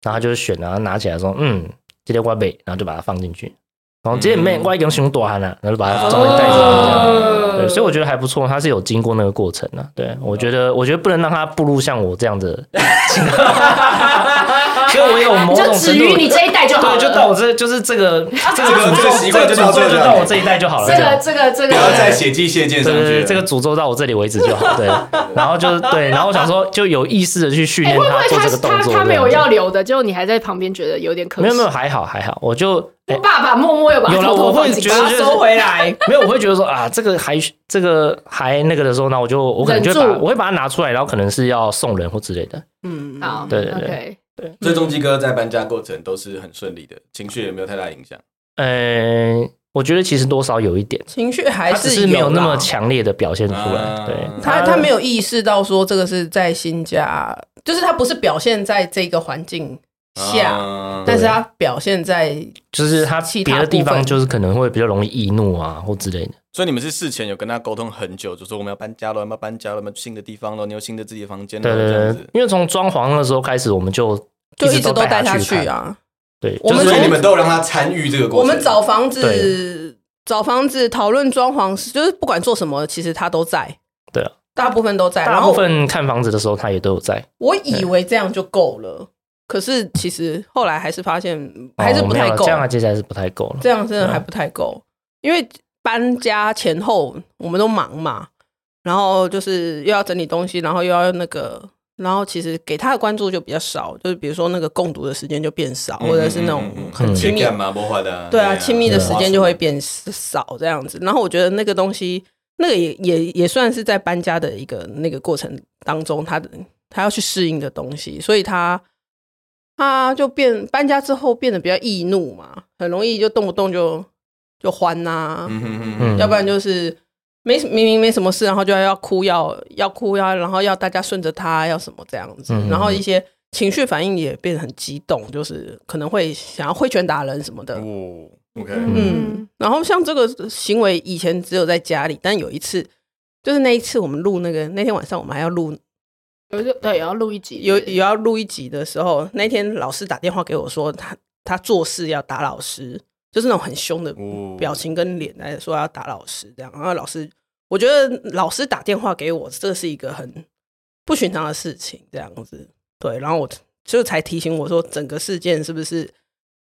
然後他就是選啊，然後他拿起來說，嗯，這條怪貝，然後就把它放進去。然後這裡面挖一根熊多哈呢，然後就把它裝進袋子面這樣。對，所以我覺得還不錯，他是有經過那個過程的，啊。對我覺得，我覺得不能讓他步入像我這樣的。情所以，我有某種程度，就止於你這一代就好 對，就到我這就是這個 這個詛咒習慣就到這就到我這一代就好了、 這個。這個這個這個不要再寫記寫這件事。對對對，這個詛咒到我這裡為止就好。對，然後就對，然後我想說就有意識的去訓練、 欸、他做這個動作他。他他沒有要留的，就你還在旁邊覺得有點可惜，沒有沒有還好還好，我就爸爸默默又把有了我會覺得收回來。沒有，我會覺得說啊，這個還這個還那個的時候呢，我就我可能就把我會把它拿出來，然後可能是要送人或之類的。嗯，好，對對對。對，所以中基哥在搬家過程都是很順利的，情緒也沒有太大影響。嗯、欸，我覺得其實多少有一點情緒，還是沒有那麼強烈的表現出來。嗯、對，他他沒有意識到說這個是在新家，就是他不是表現在這個環境。下、啊嗯，但是他表現在其他，就是他別的地方，就是可能會比較容易易怒啊，或之類的。所以你們是事前有跟他溝通很久，就是、說我們要搬家了，我們要搬家了，要新的地方了，你有新的自己的房間。對對對，因為從裝潢的時候開始，我們就就一直都帶他去，就帶去啊。對，所、就、以、是、你們都讓他參與這個過程。我們找房子、找房子、討論裝潢，就是不管做什麼，其實他都在。對啊，大部分都在。大部分看房子的時候，他也都有在。我以為這樣就夠了。可是其實後來還是發現還是不太夠，這樣接下來是不太夠了。這樣真的還不太夠，因為搬家前後我們都忙嘛，然後就是又要整理東西，然後又要那個，然後其實給他的關注就比較少，就是比如說那個共讀的時間就變少，或者是那種很親密嘛，的對啊，親密的時間就會變少這樣子。然後我覺得那個東西，那個也也也算是在搬家的一個那個過程當中，他的他要去適應的東西，所以他。他、啊、就變搬家之後變得比較易怒嘛，很容易就動不動就就歡吶、啊 ，要不然就是沒明明沒什麼事，然後就要哭要要哭要，然後要大家順着他要什麼這樣子， 然後一些情緒反應也變得很激動，就是可能會想要揮拳打人什麼的。哦、 Okay. 嗯，然後像這個行為以前只有在家裡，但有一次就是那一次我們錄那個那天晚上我們還要錄。有就對，也要錄一集。對對對。有也要錄一集的時候，那天老師打電話給我說他，他他做事要打老師，就是那種很凶的表情跟臉來說要打老師這樣。然後老師，我覺得老師打電話給我，這是一個很不尋常的事情，這樣子。對，然後我就才提醒我說，整個事件是不是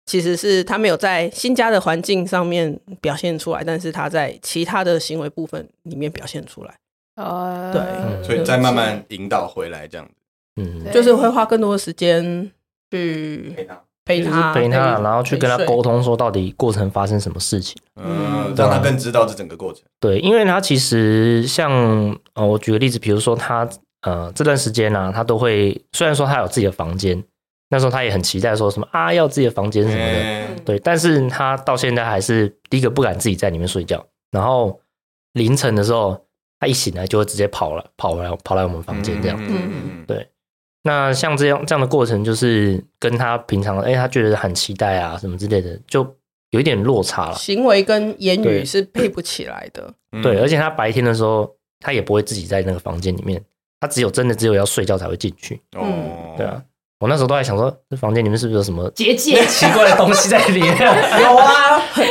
其實是他沒有在新家的環境上面表現出來，但是他在其他的行為部分裡面表現出來。呃、uh,，對、嗯，所以再慢慢引導回來這樣子，嗯，就是會花更多的時間去陪他,、就是、陪,他陪他，陪他，陪他，然後去跟他溝通，說到底過程發生什麼事情，嗯，讓他更知道這整個過程。嗯、對，因為他其實像呃，我舉個例子，比如說他呃這段時間呢、啊，他都會雖然說他有自己的房間，那時候他也很期待說什麼啊要自己的房間什麼的、欸，對，但是他到現在還是第一個不敢自己在裡面睡覺，然後凌晨的時候。他一醒來就會直接跑了，跑回來跑來我們房間這樣。嗯嗯嗯。對，那像這樣這樣的過程，就是跟他平常哎、欸，他覺得很期待啊什麼之類的，就有一點落差了。行為跟言語是配不起來的。對對、嗯。對，而且他白天的時候，他也不會自己在那個房間裡面，他只有真的只有要睡覺才會進去。哦、嗯，對啊。我那時候都還想說，這房間裡面是不是有什麼結界、奇怪的東西在裡面？ 有啊，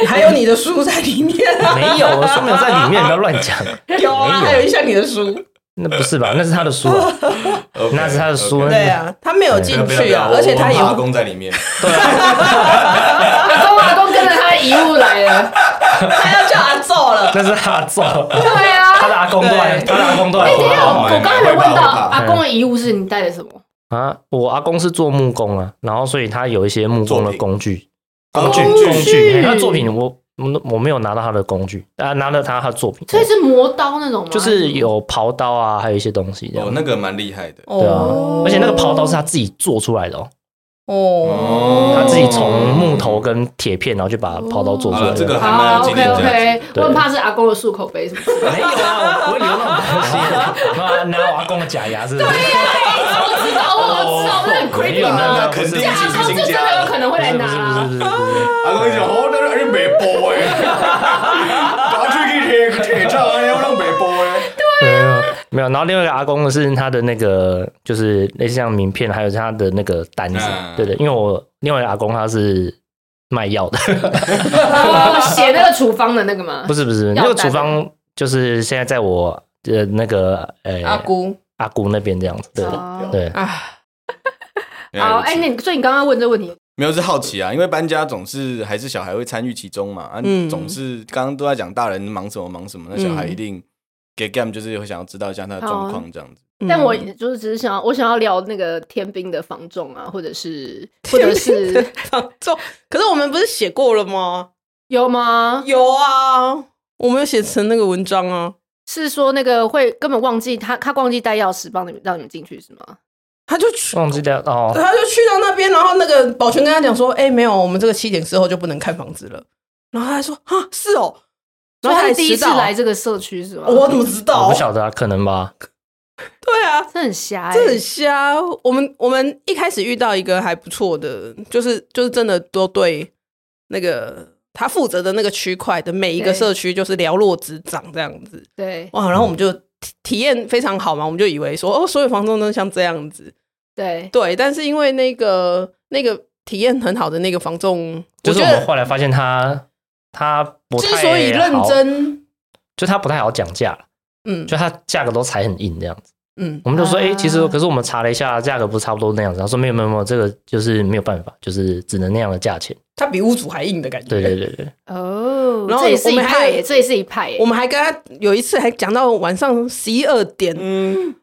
還有你的書在裡面、啊。沒有、啊，我的書沒有在裡面，不要亂講。有啊，有啊，還有一箱你的書。那不是吧？那是他的書、啊， 那是他的書。 對啊，他沒有進去，啊、嗯。而且他有他阿公在裡面對、啊。對，啊。阿公跟着他的遺物來了，他要叫阿祖了。 那是阿祖。對啊，他的阿公對，他的阿公對。而、欸哦哦、我我剛才問到阿公的遺物是你帶的什麼？啊啊，我阿公是做木工啊，然後所以他有一些木工的工具、工具、工具，工具他作品我，我我沒有拿到他的工具，啊，拿了他他作品。這是磨刀那種嗎？就是有刨刀啊，還有一些東西。我、哦、那個蠻厲害的，對啊、哦，而且那個刨刀是他自己做出來的哦、喔。哦，他自己從木頭跟鐵片，然後就把刨刀做出來的。這、哦、個、哦、好，好，OK OK。我很怕是阿公的漱口杯，沒有啊，我不會留那種東西、啊 啊。拿我阿公的假牙，是不是？ 我知道，我知道，不、oh, oh, oh, 嗯、是很虧的嗎？對啊，就是很有可能會來拿。阿公說：“好多人被剝哎！”他最近鐵鐵廠，哎，有人被剝哎。對，沒有，沒有。然後另外一個阿公是他的那個，就是類似像名片，還有他的那個單子。對的，因為我另外一個阿公他是賣藥的 、哦，寫那個處方的那個嗎？不是，不是，那個處方就是現在在我的那個呃阿、欸啊、姑。阿姑那邊這樣子，對對啊，對好哎，那、欸、所以你剛剛問這個問題，沒有是好奇啊，因為搬家總是還是小孩會參與其中嘛，嗯，啊、總是剛剛都在講大人忙什麼忙什麼，那小孩一定給、嗯、game 就是會想要知道一下他的狀況這樣子。但我就是只是想，我想要聊那個天兵的房仲啊，或者是或者是房仲，可是我們不是寫過了嗎？有嗎？有啊，我沒有寫成那個文章啊。是說那個會根本忘記他，他忘記帶鑰匙，幫你們讓你們進去是嗎？他就去忘記掉哦，他就去到那邊，然後那個保全跟他講說：“哎、嗯欸，沒有，我們這個七點之後就不能看房子了。然哦”然後他說：“啊，是哦。”然後他第一次來這個社區是嗎？是、啊？我怎麼知道、啊？我不曉得啊，可能吧。 對啊，這很瞎、欸，這很瞎。我們我們一開始遇到一個還不錯的，就是就是真的都對那個。他負責的那個區塊的每一個社區，就是瞭若指掌這樣子。對。對，哇，然後我們就體體驗非常好嘛、嗯，我們就以為說，哦，所有房仲都像這樣子。對對，但是因為那個那個體驗很好的那個房仲，就是我們後來發現他他不太好之所以認真，就他不太好講價，嗯，就他價格都踩很硬這樣子。嗯，我們就說，哎、欸，其實可是我們查了一下，價格不是差不多那樣子。然後說沒有沒有沒有，這個就是沒有辦法，就是只能那樣的價錢。他比屋主還硬的感覺。對對對對、oh。哦，這也是一派、欸，這也是一派、欸。我們還跟他有一次還講到晚上十一二點。嗯。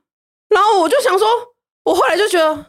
然後我就想說，我後來就覺得，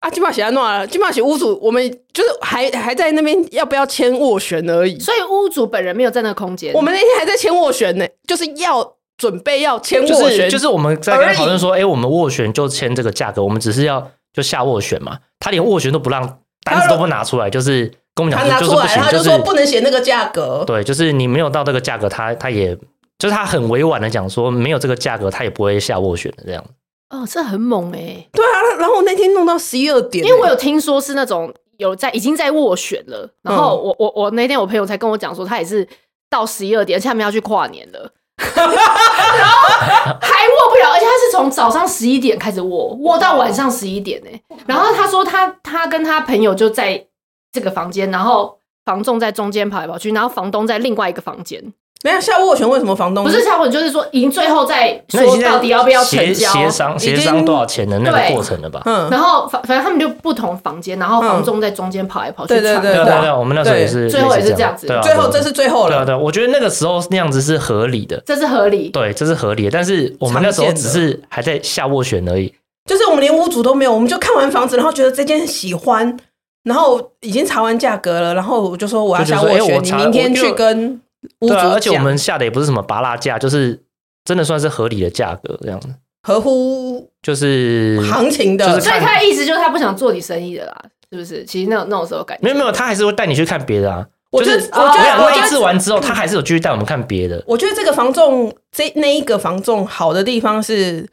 啊，金馬喜安諾，金馬喜屋主，我們就是還還在那邊要不要簽斡旋而已。所以屋主本人沒有在那個空間。我們那天還在簽斡旋呢、嗯，就是要。準備要簽斡旋，就是。就是我們在討論說，哎、欸，我們斡旋就簽這個價格，我們只是要就下斡旋嘛。他連斡旋都不讓，單子都不拿出來，就是跟我講，他拿出來就是不行，他就說不能寫那個價格，就是。對，就是你沒有到這個價格，他他也就是他很委婉的講說，沒有這個價格，他也不會下斡旋。的這樣哦，這很猛哎、欸。對啊，然後我那天弄到十一二點，欸，因為我有聽說是那種有在已經在斡旋了。然後我，嗯、我我那天我朋友才跟我講說，他也是到十一二點，他們要去跨年了。哈哈哈哈，然後還握不了，而且他是從早上十一點開始握，握到晚上十一點呢、欸。然後他說他，他他跟他朋友就在這個房間，然後房仲在中間跑來跑去，然後房東在另外一個房間。沒有下斡旋，為什麼房東不是下斡旋就是說，已經最後在說到底要不要成協商協商多少錢的那個過程了吧？嗯，然後反反正他們就不同房間，然後房東在中間跑來跑去、嗯，對對對對對、啊，我們那時候也是，最後也是這樣子，最後這是最後了對、啊。對，我覺得那個時候那樣子是合理的，這是合理，對，這是合理的。但是我們那時候只是還在下斡旋而已，就是我們連屋主都沒有，我們就看完房子，然後覺得這間喜歡，然後已經查完價格了，然後我就說我要下斡旋、欸，你明天去跟。對、啊，而且我們下的也不是什麼芭樂價，就是真的算是合理的價格這樣子，合乎就是行情的，就是。所以他的意思就是他不想做你生意的啦，是不是？其實那種那種時候感覺沒有沒有，他還是會帶你去看別的啊。我就，就是，我覺得位一次完之後，他還是有繼續帶我們看別的。我覺得這個房仲這那一個房仲好的地方是，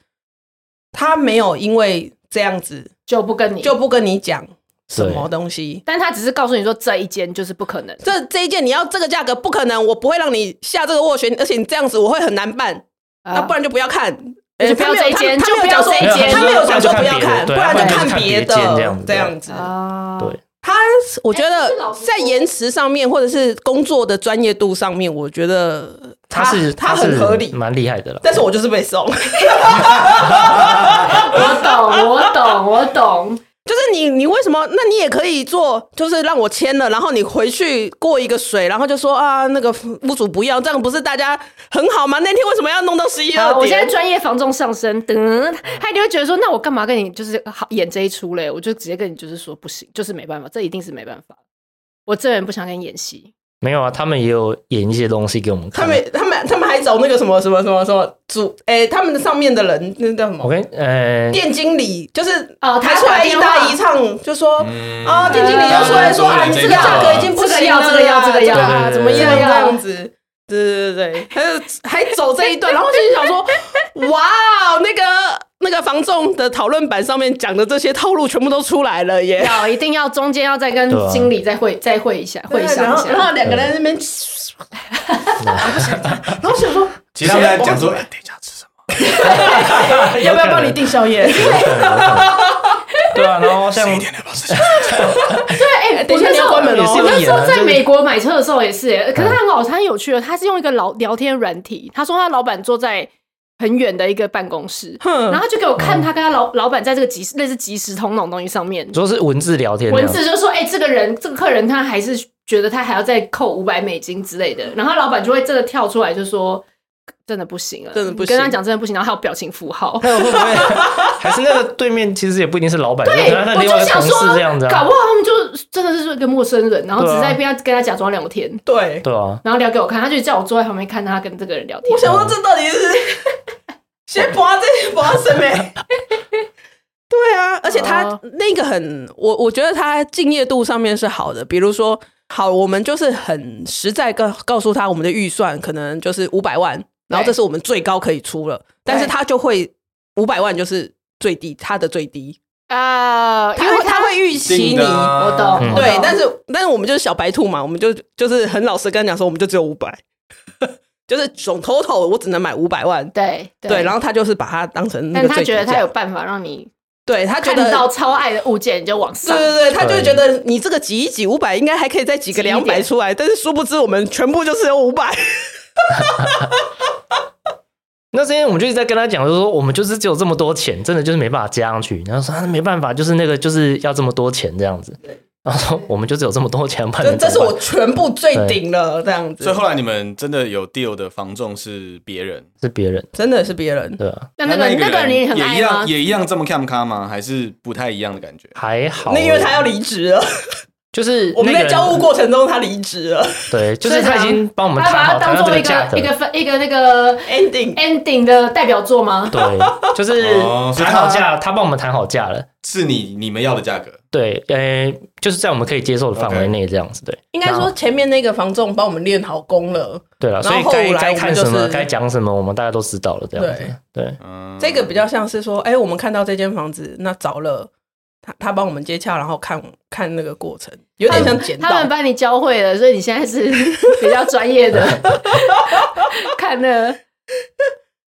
他沒有因為這樣子就不跟你就不跟你講。什麼東西？但他只是告訴你說，這一間就是不可能。這這一間你要這個價格不可能，我不會讓你下這個斡旋，而且你這樣子我會很難辦。那、啊、不然就不要看，啊欸要這一間欸、就，就不要這一間，就不要說這一間，他沒有講說就不要看，看，不然就看別的這樣子，啊。對，他我覺得在言詞上面，或者是工作的專業度上面，我覺得他是他很合理，蠻厲害的啦。但是我就是被送。 我懂，我懂，我懂。啊啊就是你，你為什麼？那你也可以做，就是讓我簽了，然後你回去過一個水，然後就說啊，那個屋主不要，這樣不是大家很好嗎？那天為什麼要弄到十一二點？我現在專業房仲上身，得、呃。他就會覺得說，那我幹嘛跟你就是演這一齣嘞？我就直接跟你就是說不行，就是沒辦法，這一定是沒辦法。我這人不想跟你演戲。沒有啊，他們也有演一些東西給我們看。他們、他們、他們還走那個什麼什麼什麼什麼主誒、欸，他們的上面的人那叫什麼？我、okay, 跟呃店經理就是啊，抬出來一搭一唱，就說啊，店、嗯哦、經理就出來說啊，你這個價格已經不能要、啊、這個要，這個要，這個、要對對對對怎麼樣，這樣子？對對對，他還有還走這一段，然後就想說 哇，那個。那個房仲的討論板上面講的這些套路，全部都出來了耶！要一定要中間要再跟經理再會、啊、再會一下，會一下，一下，然後兩個人在那邊， 不行，然後想說，其他在講說等一下吃什麼？ 欸、要不要幫你訂宵夜 對？對，對 okay .對 對 okay. 對啊、然後下午一點來，老師講。對，哎、欸喔，我那時候關門了。我那時候在美國買車的時候也是，可是他老他有趣了，他是用一個聊天軟體、嗯，他說他老闆坐在。很遠的一個辦公室，然後就給我看他跟他老、嗯、老板在這個即時類似即時通那種東西上面，主要是文字聊天，文字就是說：“哎、欸，這個人這個客人他還是覺得他還要再扣五百美金之類的。”然後老板就會這個跳出來就是說。真的不行了、啊，真的不行。跟他講真的不行，然後還有表情符號，還有不會，還是那個對面其實也不一定是老闆，對是是他另外一個、啊，我就想說這樣子，搞不好他們就真的是一個陌生人，然後只在一邊跟他假裝聊天，對對啊，然後聊給我看，他就叫我坐在旁邊看，跟、啊、看他看跟這個人聊天。我想說這到底是先博這博什麼？ 對啊，而且他那個很，我我覺得他敬業度上面是好的，比如說好，我們就是很實在告告訴他我們的預算可能就是五百萬。然後這是我們最高可以出了，但是他就會五百萬就是最低，他的最低，啊、呃，因為他會預期你我，我懂，對，但是但是我們就是小白兔嘛，我們就就是很老實跟他講說，我們就只有五百， 就是總 total 我只能買五百萬，對對，對，然後他就是把它當成那個，但他覺得他有辦法讓你對，對他覺得，看到超愛的物件你就往上，對對對，他就覺得你這個擠一擠五百應該還可以再擠個兩百出來，但是殊不知我們全部就是有五百。哈哈哈！哈那之前我們就一直在跟他講，就是說我們就是只有這麼多錢，真的就是沒辦法加上去。然後說、啊、沒辦法，就是那個就是要這麼多錢這樣子。然後說我們就只有這麼多錢,多錢，這這是我全部最頂了這樣子。所以後來你們真的有 deal 的房仲是別人，是別人，真的是別人。對、啊，那那個那個人你很愛嗎？也一樣，也一樣這麼看他嗎？還是不太一樣的感覺？還好，那因為他要離職了。 就是我們在交屋過程中，他離職了。對，就是他已經幫我們談好談，他把它當做一個一個一個那個 ending ending 的代表作嗎？對，就是談好價、 嗯，他幫我們談好價了，是你你們要的價格。對，誒、欸，就是在我們可以接受的範圍內，這樣子、okay. 對。應該說前面那個房仲幫我們練好功了。對了，所以後，後來就什麼，該講什麼，我們大家都知道了。這樣子，對，這個比較像是說，哎、欸，我們看到這間房子，那找了。他他幫我們接洽，然後看看那個過程，有點像剪。他們幫你教會了，所以你現在是比較專業的。 看呢？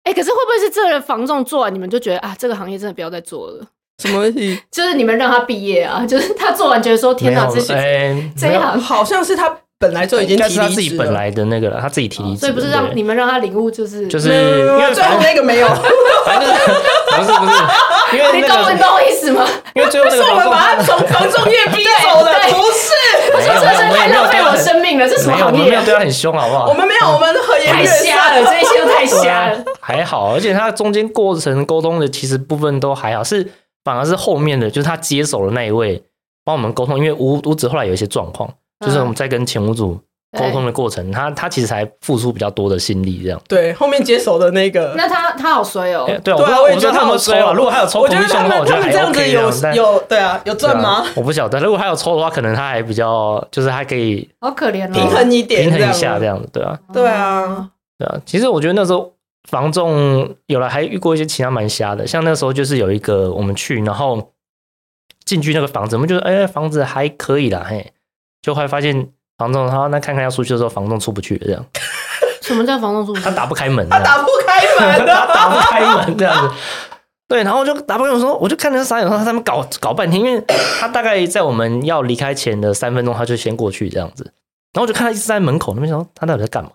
哎、欸，可是會不會是這個房仲做完，你們就覺得啊，這個行業真的不要再做了？什麼問題？ 就是你們讓他畢業啊，就是他做完覺得說天：“天哪、欸，這些這一行好像是他。”本來就已經提離職了，是他自己本來的那個了，了他自己提離職、哦、所以不是讓你們讓他領悟、就是，就是就是因為最後那個沒有，反 正、就是、 不是不是，因為那個你懂我意思嗎？因為最後那個是我們把他從從中越逼走了 不是，他說這是太浪費我生命了，這是沒有，沒有，沒有，我們沒有對他很兇，好不好？我們沒有，我們很、嗯、太瞎了，瞎了這一些都太瞎了，還好，而且他中間過程溝通的其實部分都還好，是反而是後面的就是他接手的那一位幫我們溝通，因為吳吳子後來有一些狀況。就是我們在跟前屋主溝通的過程，他他其實還付出比較多的心力這樣。對，後面接手的那個， 那他他好衰哦、喔欸。對、啊對啊，我不我不覺得覺得他好衰哦、喔。如果他有抽，我覺得他們得、OK、他們這樣子有有對啊有賺嗎、啊？我不曉得。如果他有抽的話，可能他還比較就是還可以。好可憐、喔，平衡一點，平衡一下這樣子，對啊。對啊，對啊。其實我覺得那時候房仲有了，還遇過一些其他蠻瞎的。像那時候就是有一個我們去，然後進去那個房子，我們覺得哎，房子還可以了，嘿。就後來發現房仲，他說那看看要出去的時候，房仲出不去，這樣。什麼叫房仲出不去？他打不開門，他打不開門，他打不開門，這樣子。對，然後就打不開門，說我就看著他傻眼，他他們搞搞半天，因為他大概在我們要離開前的三分鐘，他就先過去這樣子。然後我就看他一直在,在門口，那為什麼他到底在幹嘛？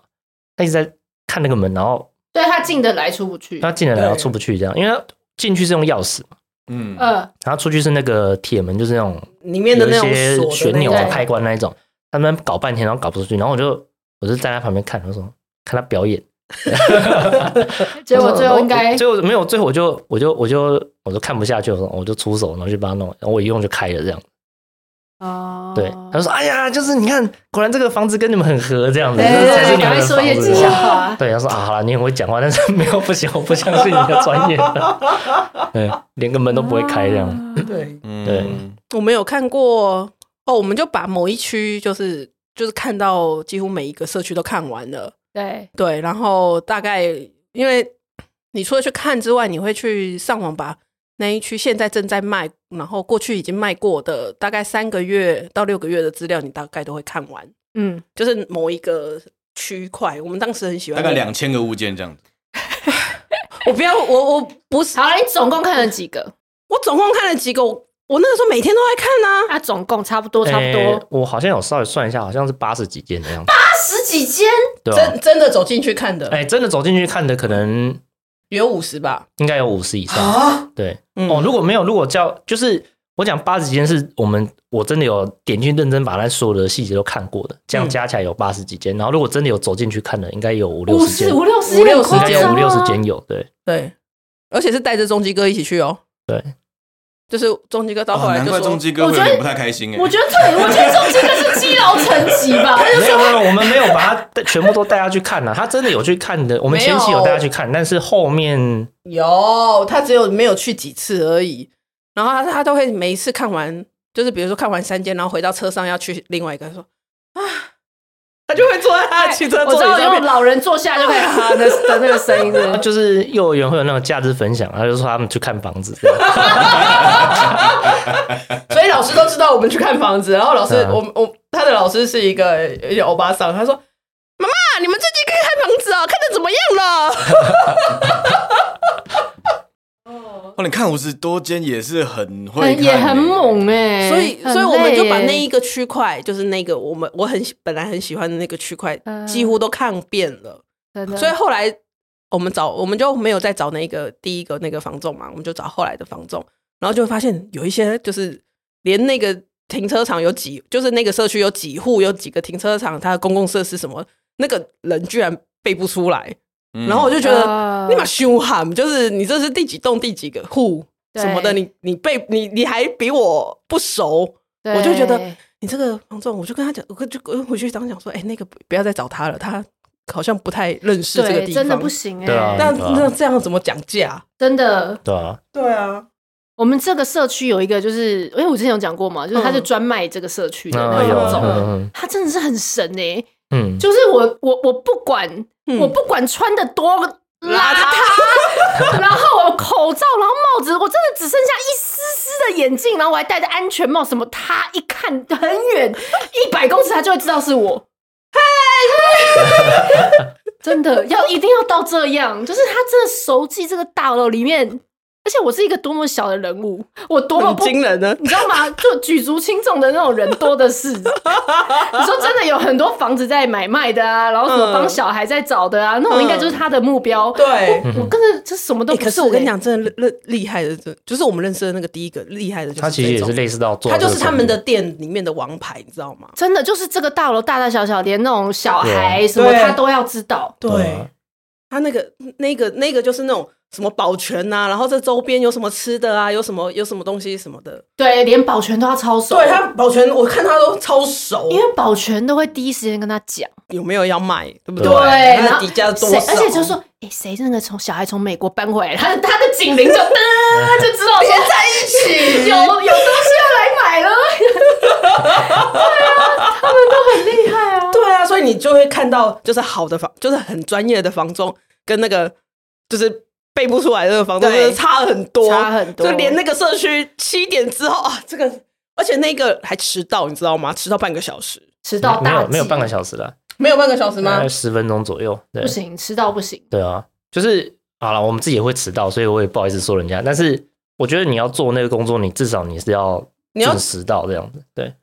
他一直在看那個門，然後對他進得來，出不去。他進得來，出不去，這樣，因為他進去是用鑰匙。嗯，然後出去是那個鐵門，就是那種裡面的那些旋鈕開關那一種，他們搞半天，然後搞不出去，然後我就我就站在他旁邊看，我說看他表演， 結果最後應該，最後沒有，最後我就我就我就我就我就我就我就看不下去，我說我就出手，然後去幫他弄，然後我一用就開了這樣。哦、uh...，對，他說：“哎呀，就是你看，果然這個房子跟你們很合，這樣子。對對對對”對、就是、說對，他說：“啊，好了，你很會講話，但是沒有不行，我不相信你的專業， 對，連個門都不會開這樣。Uh... 對”對、嗯、對，我們有看過哦，我們就把某一區，就是就是看到幾乎每一個社區都看完了。對對，然後大概因為你除了去看之外，你會去上網吧？那一區現在正在賣，然後過去已經賣過的大概三個月到六個月的資料，你大概都會看完。嗯，就是某一個區塊，我們當時很喜歡、那個，大概兩千個物件這樣子。 我不要，我我不是好了。你總共看了幾個？我總共看了幾個？我，我那個時候每天都在看呢、啊。啊，總共差不多，差不多、欸。我好像有稍微算一下，好像是八十幾件的樣子。八十幾件？對，真真的走進去看的。哎、欸，真的走進去看的，可能。有五十吧，應該有五十以上。對、嗯、哦，如果沒有，如果叫就是我講八十幾間，是我們我真的有點進去認真把他所有的細節都看過的，這樣加起來有八十幾間。嗯、然後如果真的有走進去看的，應該有五六十間，五六十,五,六十，五六十間有五六十間有，對對，而且是帶着仲介哥一起去哦，對。就是中基哥到後來就說，哦，難怪中基哥會有點不太開心欸，我覺得最，我覺得中基哥是積勞成疾吧 但是，沒有，我們沒有把他全部都帶他去看吶、啊。他真的有去看的，我們前期有帶他去看，但是後面有，他只有沒有去幾次而已。然後他他都會每一次看完，就是比如說看完三間，然後回到車上要去另外一個說啊。他就會坐在他的汽車坐、哎，然後老人坐下就可以他的那個聲音 就是幼兒園會有那種價值分享，他就說他們去看房子， 所以老師都知道我們去看房子。然後老師，嗯、我我他的老師是一個歐巴桑，他說媽媽，你們最近可以看房子哦，看得怎麼樣了？ 哦，你看五十多間也是很會，也很猛哎、欸。所以，所以我們就把那一個區塊、欸，就是那個我們我很喜本來很喜歡的那個區塊、呃，幾乎都看遍了，對對對。所以後來我們找，我們就沒有再找那個第一個那個房仲嘛，我們就找後來的房仲，然後就會發現有一些就是連那個停車場有幾，就是那個社區有幾戶，有幾個停車場，它的公共設施什麼，那個人居然背不出來。嗯、然後我就覺得、啊、你蠻凶悍就是你這是第幾棟第幾個戶什麼的，你你被你你還比我不熟，我就覺得你這個房仲我就跟他講，我就我回去當講說，哎、欸，那個不要再找他了，他好像不太認識這個地方，真的不行哎、欸。那那這樣怎麼講價？真的、啊對,啊對,啊對,啊、對啊，對啊。我們這個社區有一個，就是因為我之前有講過嘛，就是他是專賣這個社區的那房仲、嗯、他真的是很神哎、欸。嗯，就是我我我不管、嗯，我不管穿的多邋遢，邋遢 然後我口罩，然後帽子，我真的只剩下一絲絲的眼鏡，然後我還戴着安全帽，什麼他一看很遠，一百公尺他就會知道是我。 hey, hey, 真的要一定要到這樣，就是他真的熟記這個大樓裡面。而且我是一個多麼小的人物，我多麼驚人呢？你知道嗎？就舉足輕重的那種人多的是。 你說真的，有很多房子在買賣的啊，然後什麼幫小孩在找的啊，嗯、那種應該就是他的目標。嗯、對，我，我根本這什麼都不是、欸。欸、可是我跟你講，真的那厲害的，這就是我們認識的那個第一個厲害的就是，他其實也是類似到做，做。他就是他們的店裡面的王牌，你知道嗎？真的就是這個大樓大大小小，連那種小孩什麼他都要知道。對，對，對，對他那個那個那個就是那種。什麼保全吶、啊？然後在周邊有什麼吃的啊？有什麼有什麼東西什麼的？對，連保全都要超熟。對他保全，我看他都超熟。因為保全都會第一時間跟他講有沒有要賣，對不對？對，他底價多少？而且就是說，誒、欸、誰那個從小孩從美國搬回來，他的他的警鈴就噔，就知道說 在一起 有有東西要來買了。 對啊，他們都很厲害啊。對啊，所以你就會看到，就是好的房，就是很專業的房仲，跟那個就是。背不出來這個房子，就是，差很多，差很多，就連那個社區七點之後啊，這個而且那個還遲到，你知道嗎？遲到半個小時，遲到大沒有沒有半個小時了、嗯，沒有半個小時嗎？還有十分鐘左右，對，不行，遲到不行。對啊，就是好了，我們自己也會遲到，所以我也不好意思說人家。但是我覺得你要做那個工作，你至少你是要準時到這樣子，對。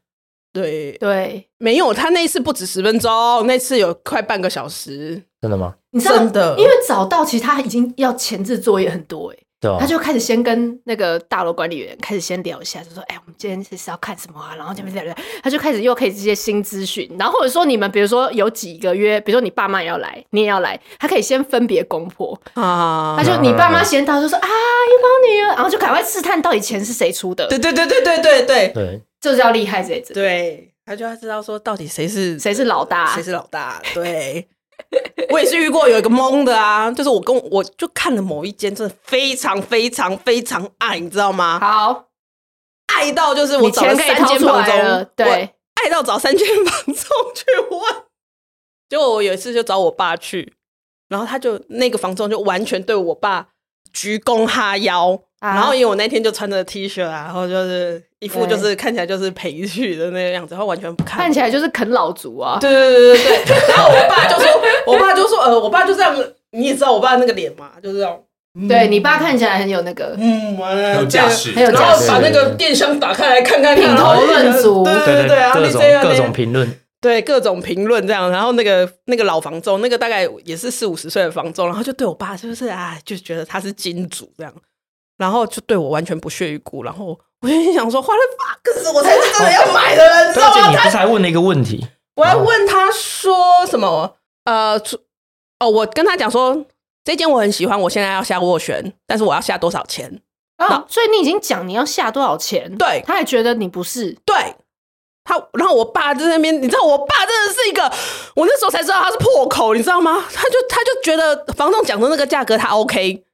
對對，沒有，他那一次不止十分鐘，那次有快半個小時。真的嗎？你知道真的，因為早到，其實他已經要前置作業很多誒。他就開始先跟那個大樓管理員開始先聊一下，就說：“哎、欸，我們今天是要看什麼啊？”然後這邊這邊，他就開始又可以直接新資訊，然後或者說你們，比如說有幾個月，比如說你爸媽也要來，你也要來，他可以先分別攻破啊。Uh, 他就你爸媽先到，就說：“ uh, 啊，一幫你兒。”然後就趕快試探到底錢是誰出的。對對對對對對對，這就叫、是、厲害，這子。對，他就他知道說到底誰是誰是老大，誰是老大，對。 我也是遇過有一個懵的啊，就是我跟我，我就看了某一間真的非常非常非常愛，你知道嗎？好，愛到就是我找了三間房仲，對，愛到找三間房仲去問。結果我有一次就找我爸去，然後他就那個房仲就完全對我爸鞠躬哈腰。然後因為我那天就穿着 T 恤啊，然後就是一副就是看起來就是陪去的那個樣子，然後完全不看，看起來就是啃老族啊。對對對對對 然後我爸就說， 我爸就說，呃，我爸就這樣，你也知道我爸那個臉嘛，就是這樣。對、嗯、對，你爸看起來很有那個，嗯，有、呃、還有架勢，然後把那個電箱打開來看看。品頭論足。對對對啊，各種你這樣各種評論。對，各種評論這樣。然後那個那個老房仲，那個大概也是四五十歲的房仲，然後就對我爸就是啊，就覺得他是金主這樣。然後就對我完全不屑一顧，然後我就想說，花了八個是我才是真的要買的人，對、哦、知道嗎？對不你不是還問了一個問題，我還問他說什麼？哦、呃，哦，我跟他講說，這間我很喜歡，我現在要下斡旋，但是我要下多少錢哦、啊、所以你已經講你要下多少錢？對，他還覺得你不是，對他，然後我爸在那邊，你知道，我爸真的是一個，我那時候才知道他是破口，你知道嗎？他就他就覺得房東講的那個價格他 OK。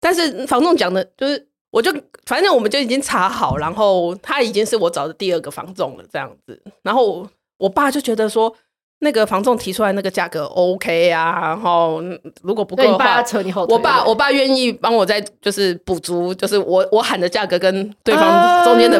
但是房仲講的，就是我就反正我們就已經查好，然後他已經是我找的第二個房仲了，這樣子。然後我爸就覺得說，那個房仲提出來那個價格 OK 啊，然後如果不夠的話，扯你後腿，我爸我爸願意幫我再就是補足，就是我我喊的價格跟對方中間的，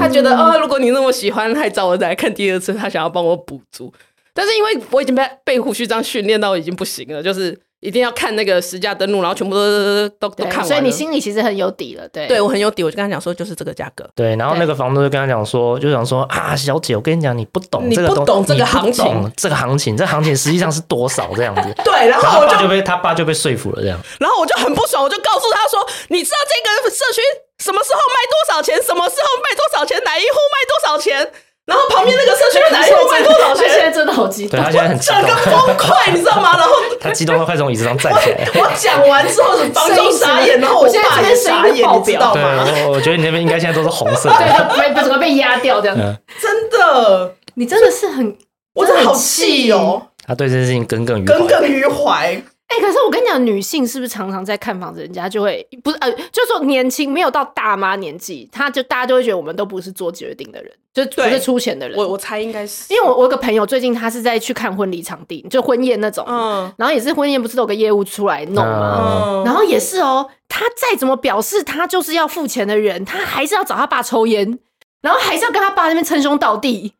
他覺得哦，如果你那麼喜歡，還找我再來看第二次，他想要幫我補足。但是因為我已經被被鬍鬚這樣訓練到已經不行了，就是。一定要看那個實價登錄，然後全部都都都看完了。所以你心裡其實很有底了，對？對我很有底，我就跟他講說就是這個價格。對，然後那個房東就跟他講說，就想說啊，小姐，我跟你講，你不懂這個，你不懂這個行情，這個行情，這行情實際上是多少這樣子。 對，然後我就，然後他就被他爸就被說服了這樣。然後我就很不爽，我就告訴他說，說你知道這個社區什麼時候賣多少錢，什麼時候賣多少錢，哪一戶賣多少錢？然後旁邊那個社區的男生一萬多老師，現在真的好激動。對，他現在很激動，整個崩潰，你知道嗎？然後 他激動到快從椅子上站起來。我講完之後，觀眾傻眼，然後我現在這眼聲音爆表。你知道嗎？我我覺得你那邊應該現在都是紅色的 對。對，沒，不怎麼被壓掉這樣、嗯。真的，你真的是很，我真的我好氣哦。他對這件事情耿耿於耿耿於懷。哎、欸，可是我跟你講，女性是不是常常在看房子，人家就會不是呃，就說年輕沒有到大媽年紀，他就大家就會覺得我們都不是做決定的人。就不是出錢的人，我我猜應該是，因為我我有個朋友最近他是在去看婚禮場地，就婚宴那種，嗯、然後也是婚宴，不是都有個業務出來弄嗎？嗯、然後也是哦、喔，他再怎麼表示他就是要付錢的人，他還是要找他爸抽煙，然後還是要跟他爸那邊稱兄道弟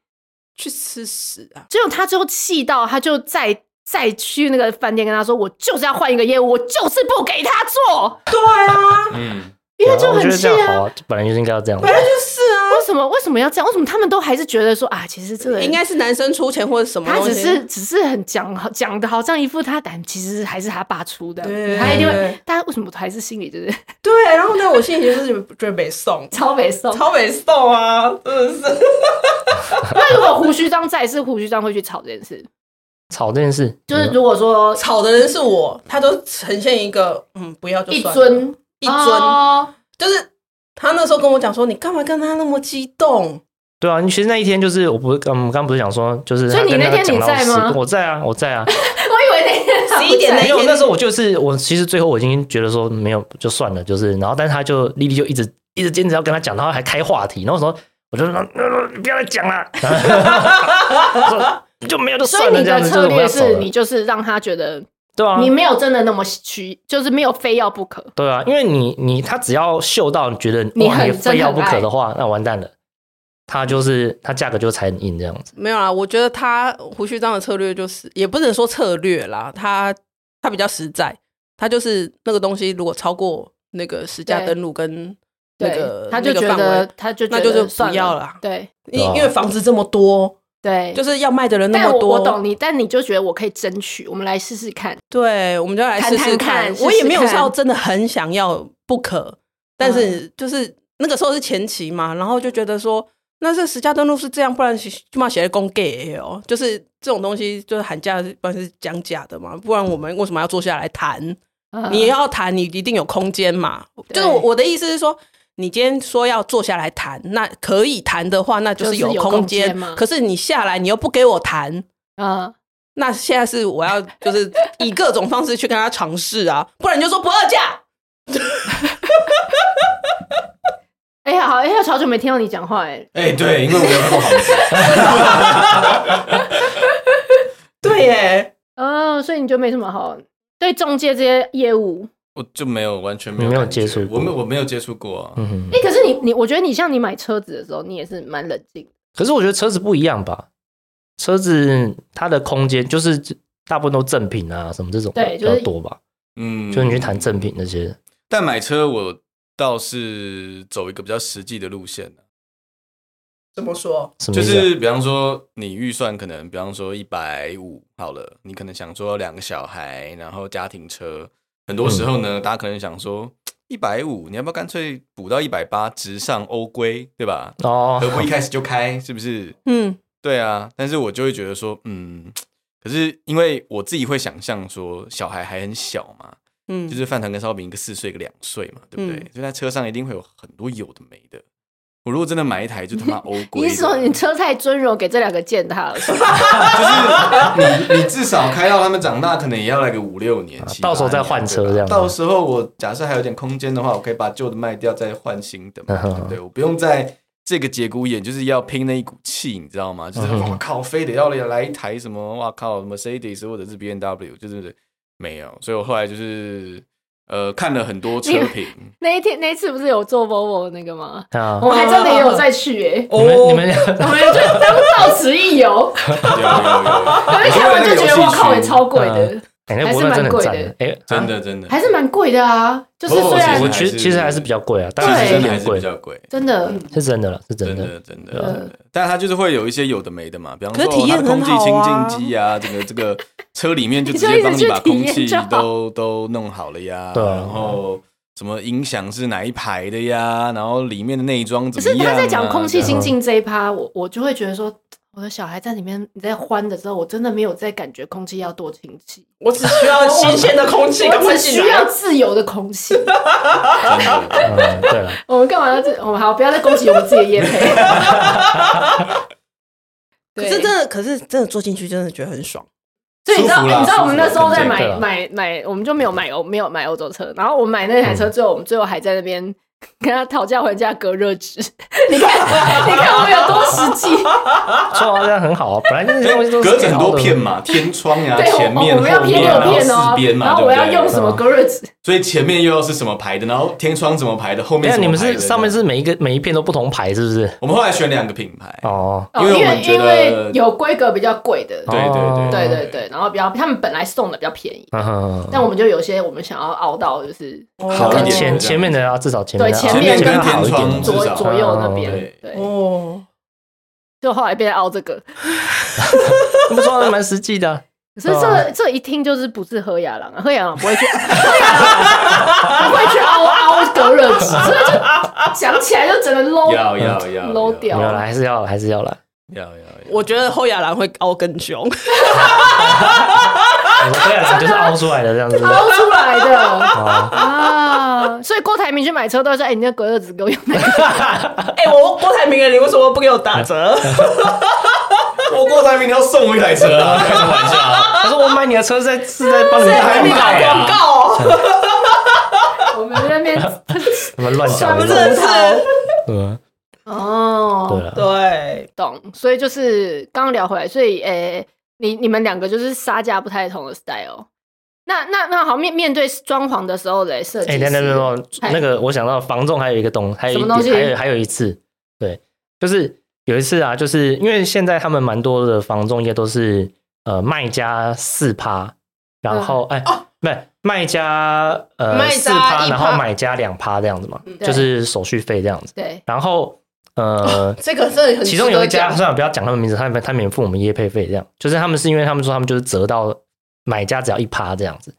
去吃屎啊！結果他最後氣到他就再再，再去那個飯店跟他說，我就是要換一個業務，我就是不給他做。對啊， 嗯。因為就很近啊，啊，啊，本來就是應該要這樣啊。本來就是啊。為什麼為什麼要這樣？為什麼他們都還是覺得說啊，其實這個應該是男生出錢或者什麼？他只是只是很講講的好像一副他膽，但其實還是他爸出的。對，他一定會。但為什麼還是心裡就是對？ 對，然後呢，我心裡就是覺得被送，超被送，超被送啊！真的是。 那如果胡鬚章再是胡鬚章，會去吵這件事？吵這件事就是如果說吵、嗯、的人是我，他都呈現一個嗯，不要就一尊。一尊，oh. 就是他那時候跟我講說，你幹嘛跟他那麼激動？對啊，你其實那一天就是我不是，我剛剛不是講說，就是他跟所以你那天你在嗎？我在啊，我在啊。 我以為那天十一點，沒有。那時候我就是我，其實最後我已經覺得說沒有就算了，就是然後，但是他就莉莉就一直一直堅持要跟他講，他還開話題，然後說，我就說，你不要再講了，呃呃呃呃呃、 就沒有就算了這樣子。所以你的策略是，就是你就是讓他覺得。對啊，你沒有真的那麼去，就是沒有非要不可。對啊，因為你你他只要嗅到你覺得你，你非要不可的話，那，嗯、完蛋了。他就是他價格就才硬這樣子。沒有啊，我覺得他胡鬚章的策略就是也不能說策略啦，他他比較實在，他就是那個東西如果超過那個實價登錄跟那個他就覺得，那個、他就，覺得他就覺得那就是不要了。對，因因為房子這麼多。對，就是要賣的人那麼多我。我懂你，但你就覺得我可以爭取，我們來試試看。對，我們就來試試看、看、看。我也沒有說真的很想要不可，嗯，但是就是那個時候是前期嘛，然後就覺得說，那這實價登錄是這樣，不然起碼寫個公給也有，就是這種東西就是喊價一般是講價的嘛，不然我們為什麼要坐下來談，嗯。你要談，你一定有空間嘛。就是我的意思是說。你今天說要坐下來談，那可以談的話，那就是有空間、就是。可是你下來，你又不給我談啊！Uh-huh. 那現在是我要，就是以各種方式去跟他嘗試啊，不然就說不二價。哎 呀、 欸，好，哎、欸，呀，好久沒聽到你講話、欸，哎。哎，對，因為我有不好意思 對耶、欸，哦、oh,，所以你就沒什麼好對中介這些業務。我就沒有完全沒有沒有接觸，我沒有我沒有接觸過、啊。嗯，哎，可是你你，我覺得你像你買車子的時候，你也是蠻冷靜的。可是我覺得車子不一樣吧，車子它的空間就是大部分都贈品啊，什麼這種對，比較多吧。嗯，就是就你去談贈品那些、嗯。但買車我倒是走一個比較實際的路線呢、啊。怎麼說麼、啊？就是比方說，你預算可能，比方說一百五好了，你可能想說兩個小孩，然後家庭車。很多時候呢、嗯，大家可能想說一百五，150, 你要不要乾脆補到一百八，直上歐規，對吧？哦，何不一開始就開， 是不是？嗯，對啊。但是我就會覺得說，嗯，可是因為我自己會想象說，小孩還很小嘛，嗯，就是飯糰跟燒餅，一個四歲，一個兩歲嘛，對不對？就、嗯、在車上一定會有很多有的沒的。我如果真的買一台，就他媽歐規，你說你車太尊榮，給這兩個踐踏了是吧。 就是你你至少開到他們長大，可能也要來個五六年，年、啊，到時候再換車這樣。到時候我假設還有點空間的話，我可以把舊的賣掉，再換新的嘛。呵呵呵對不對，我不用在這個節骨眼就是要拼那一股氣，你知道嗎？就是我、嗯嗯、靠，非得要來一台什麼，我靠，什麼 Mercedes 或者是 BMW，就是沒有。所以，我後來就是。呃，看了很多車評。那一天，那一次不是有做 Volvo 那個嗎？我們一、oh. oh, 還真的也有再去哎、欸。你們，你們，我們就剛到此一遊。我們一一一看完就覺得，哇靠，也超貴的。一一一嗯還是蠻貴的，真的真的，還是蠻貴的，欸啊、的啊，啊，的啊、哦。就是雖然其實其實還是比較貴啊，但其實的還是比較貴，真的是真的了，是真的，是真，的是真的。真的真的，但是它就是會有一些有的沒的嘛，比方說、啊、空氣清淨機啊這個這個車裡面就直接幫你把空氣都 都弄好了呀。對，然後什麼音響是哪一排的呀？然後裡面的內裝怎麼樣、啊？可是他在講空氣清淨這一趴，我我就會覺得說。我的小孩在裡面，你在歡的時候，我真的沒有在感覺空氣要多清新，我只需要新鮮的空氣， 我只需要自由的空氣、 嗯。我們幹嘛要這我們好不要再攻擊我們自己的業配 。可是真的，可是真的坐進去，真的覺得很爽。所以你知道，你知道我們那時候在買買買，我們就沒有買歐，沒有買歐洲車，然後我們買那台車，最後我們最後還在那邊。嗯跟他討價還價隔熱紙， 你看， 你看我有多實際。啊，這樣很好啊。本來就是隔着隔很多片嘛，天窗呀、啊，前面、哦、後面、你們要貼六片哦，然哦對對。然後我要用什麼隔熱紙、嗯？所以前面又要是什麼牌的，然後天窗怎麼排的？後面你們是上面是每一個每一片都不同牌，是不是？我們後來選兩個品牌哦，因為我們因為有規格比較貴的，對、哦、對對對對對，然後比較他們本來送的比較便宜、哦嗯，但我們就有些我們想要熬到的就是好一點的，前前面的要、啊、至少前面的。前。前面跟旁邊左右、左右那邊、啊，哦，就後來變凹這個，這麼說還，蠻實際的。可是這、啊、這一聽就是不是何亞朗，何雅朗不會去， 亞人 不會去凹凹隔熱層， 所以就 想起來就整個 low，要要要，low 掉， 還是要啦還是要啦，要要、要。我覺得何雅朗會凹更兇。 對啊，就是凹出來的這樣子，凹出來的啊。所以郭台銘去買車都要說，哎、欸，你那鬼兒子，子給我用那個，哎、 欸，我郭台銘啊，你為什麼不給我打折？ 我郭台銘你要送我一台車啊？ 開什麼玩笑？ 他說我買你的車在是在幫你們台銘打廣告。 我們在那邊什麼亂講，他們這是嗯哦、oh，對，懂。所以就是剛剛聊回來，所以誒。欸你你們兩個就是殺價不太同的 style、哦、那那那好面、面面對裝潢的時候來設計師。哎、欸，等等等等，那個我想到房仲還有一個東西，還有西還有還有一次，對，就是有一次啊，就是因為現在他們蠻多的房仲應該都是呃賣家四趴，然後哎、嗯欸、哦，不是賣家呃四趴，然後買家兩趴這樣子嘛，就是手續費這樣子。對，然後。呃、哦，這個是其中有一家，算了，不要講他們名字，他們他免付我們業配費，這樣就是他們是因為他們說他們就是折到買家只要一趴這樣子，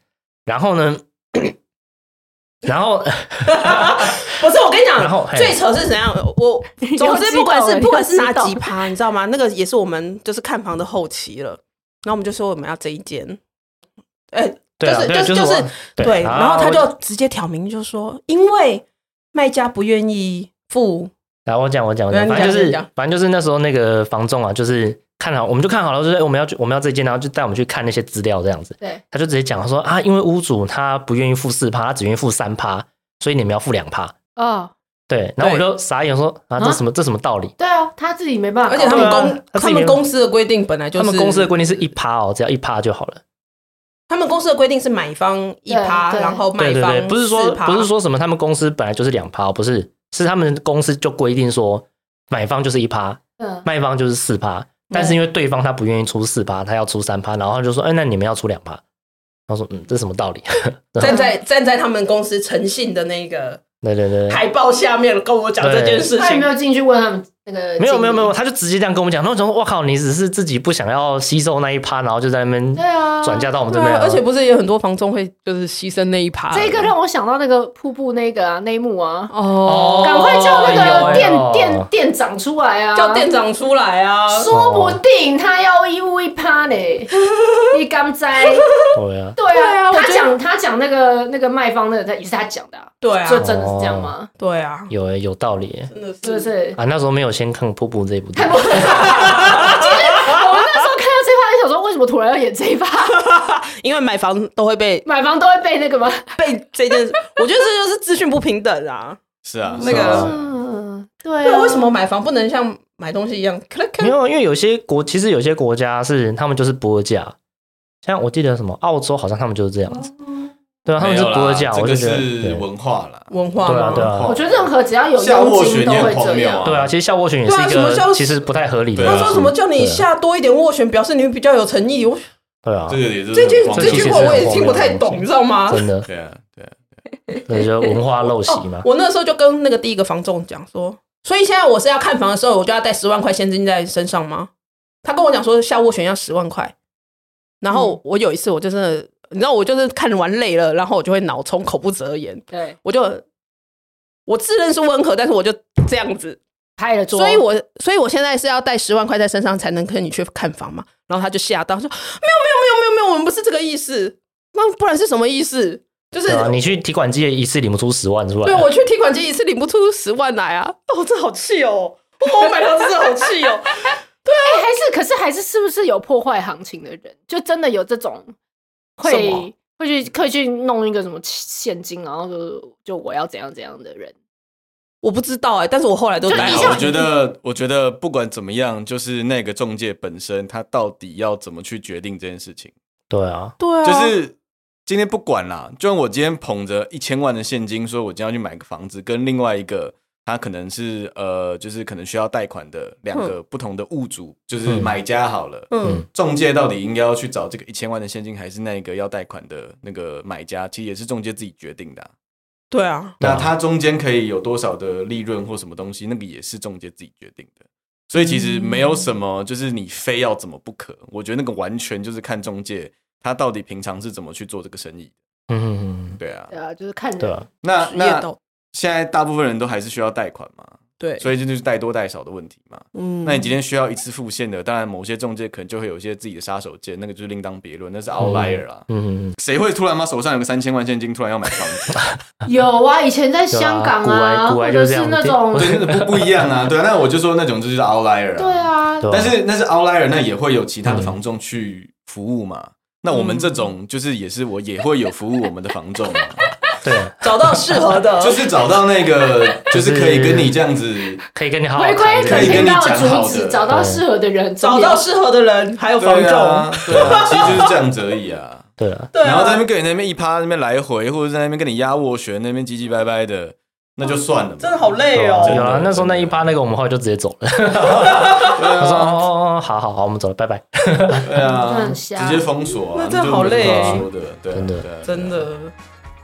然後呢， 然後 不是我跟你講， 最扯是怎樣？我總之不管是不管是哪幾趴，你知道嗎？那個也是我們就是看房的後期了，然後我們就說我們要這一間，欸啊就是，對。就是就是就是對，然後他就直接挑明就說，因為賣家不願意付。然後我講，我講，我講，我講，反正就是，反正就是那時候那個房仲啊，就是看好，我們就看好了，就是我們要去我們要這間，然後就帶我們去看那些資料這樣子。對，他就直接講說啊，因為屋主他不願意付四趴，他只願意付三趴，所以你們要付兩趴。哦，對，然後我就傻眼說啊，這什麼這什麼道理？對啊，他自己沒辦法，而且他們公他，他們公司的規定本來就是，他們公司的規定是一趴哦，只要一趴就好了。他們公司的規定是買方一趴，然後賣方對對對不是說不是說什麼，他們公司本來就是兩趴，哦，不是。是他們公司就規定說，買方就是一趴、嗯，賣方就是四趴。但是因為對方他不願意出四趴，他要出三趴，然後他就說：“哎、欸，那你們要出兩趴。”他說：“嗯，這是什麼道理？”站在 站在他們公司誠信的那個對對對，海報下面，跟我講這件事情，他有沒有進去問他們。那個沒有沒有沒有，他就直接這樣跟我們講。他說我靠，你只是自己不想要吸收那一趴，然後就在那邊對啊，轉嫁到我們這邊、啊啊。而且不是有很多房仲會就是犧牲那一趴。這個讓我想到那個瀑布那個啊內幕啊哦，趕快叫那個店店店長出來啊，叫店長出來啊，說不定他要一屋一趴呢， 你敢知。對啊，對啊他講他講那個那個賣方的、那個，也是他講的、啊，對啊，就真的是這樣嗎？對啊，對啊有、欸、有道理、欸，真的是不是啊？那時候沒有。我先看瀑布這一部。哈哈哈我們那時候看到這一趴就想說為什麼突然要演這一趴？ 因為買房都會被買房都會被那個嗎？被這件事，我覺得這就是資訊不平等啊！ 是啊，那個啊對、啊。那、啊、為什麼買房不能像買東西一樣？沒有，因為有些國其實有些國家是他們就是不二價。像我記得什麼澳洲，好像他們就是這樣子。對、啊，他們、這個、是國會我就覺得文化了，文化，啊，對啊，文化對啊，對啊。我覺得任何只要有佣金，都會這樣。啊對啊，其實下斡旋也是一個，其實不太合理的、啊。他說什麼叫你下多一點斡旋，表示、啊、你比較有誠意？我、啊啊，對啊，這個也是。這句話我也聽不太懂，你知道嗎？真的，對啊，對啊。你說、啊啊啊啊、 文化陋習嘛、 哦、我那時候就跟那個第一個房仲講說，所以現在我是要看房的時候，我就要帶十萬塊現金在身上嗎？他跟我講說下斡旋要十萬塊，然後我有一次我就真的。嗯你知道我就是看完累了，然後我就會腦衝，口不擇言。對，我就我自認是溫和，但是我就這樣子拍了桌。所以我，我所以，我現在是要帶十萬塊在身上才能跟你去看房嘛？然後他就嚇到說：“沒有，沒有，沒有，沒有，沒有，我們不是這個意思。那不然是什麼意思？就是、啊、你去提款機一次領不出十萬是吧、啊？對，我去提款機一次領不出十萬來啊！哦，這好氣哦！我買房子好氣哦！ 對啊，欸、還是可是還是是不是有破壞行情的人？就真的有這種。會會去，可以去弄一個什麼現金，然後就就我要怎樣怎樣的人，我不知道哎、欸，但是我後來都我覺得，我覺得不管怎麼樣，就是那個仲介本身，他到底要怎麼去決定這件事情？對啊，對啊，就是今天不管啦，就像我今天捧着一千萬的現金，說我今天要去買個房子，跟另外一個。他可能是呃，就是可能需要貸款的兩個不同的物主、嗯，就是買家好了。嗯，中介到底應該要去找這個一千萬的現金，還是那個要貸款的那個買家？其實也是中介自己決定的、啊。對啊，那他中間可以有多少的利潤或什麼東西，那個也是中介自己決定的。所以其實沒有什麼，就是你非要怎麼不可。我覺得那個完全就是看中介他到底平常是怎麼去做這個生意。嗯、啊，對啊，對啊，就是看對、啊，那那。現在大部分人都還是需要貸款嘛，對，所以這就是貸多貸少的問題嘛。嗯，那你今天需要一次付現的，當然某些仲介可能就會有一些自己的殺手鐧，那個就是另當別論，那是 outlier 啊。嗯，誰、嗯、會突然嘛手上有個三千萬現金突然要買房子？ 有啊，以前在香港啊，啊就是那種 對、那個、不不一樣啊？對那我就說那種就是 outlier 啊。 對啊，但是那是 outlier，那也會有其他的房仲去服務嘛、嗯。那我們這種就是也是我也會有服務我們的房仲嘛、啊。 對， 找到適適合的， 就是找到那個，就是可以跟你這樣子，可以跟你好好沒關係，可以跟你講好的，可以到找到適合的人，找到適合的人，還有房仲，對啊，其實就是這樣子而已啊， 對啊，對。然後在那邊給你那邊一趴，那邊來回，或者在那邊跟你壓臥旋，那邊唧唧拜拜的，那就算了嘛、哦，真的好累哦。有啊，那時候那一趴那個，我們後來就直接走了。 啊啊、 我說哦，好好好，我們走了，拜拜。 對啊，直接封鎖、啊，那真的好累哎，什麼說的，真、啊、真的。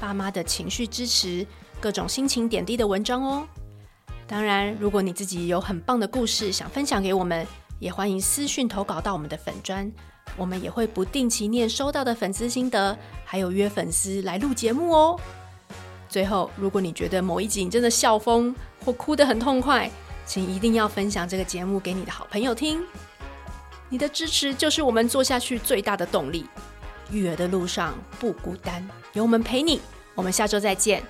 爸媽的情緒支持，各種心情點滴的文章哦。當然，如果你自己有很棒的故事想分享給我們，也歡迎私訊投稿到我們的粉專。我們也會不定期念收到的粉絲心得，還有約粉絲來錄節目哦。最後，如果你覺得某一集真的笑瘋或哭得很痛快，請一定要分享這個節目給你的好朋友聽。你的支持就是我們做下去最大的動力。育兒的路上不孤單，有我們陪你，我們下週再見。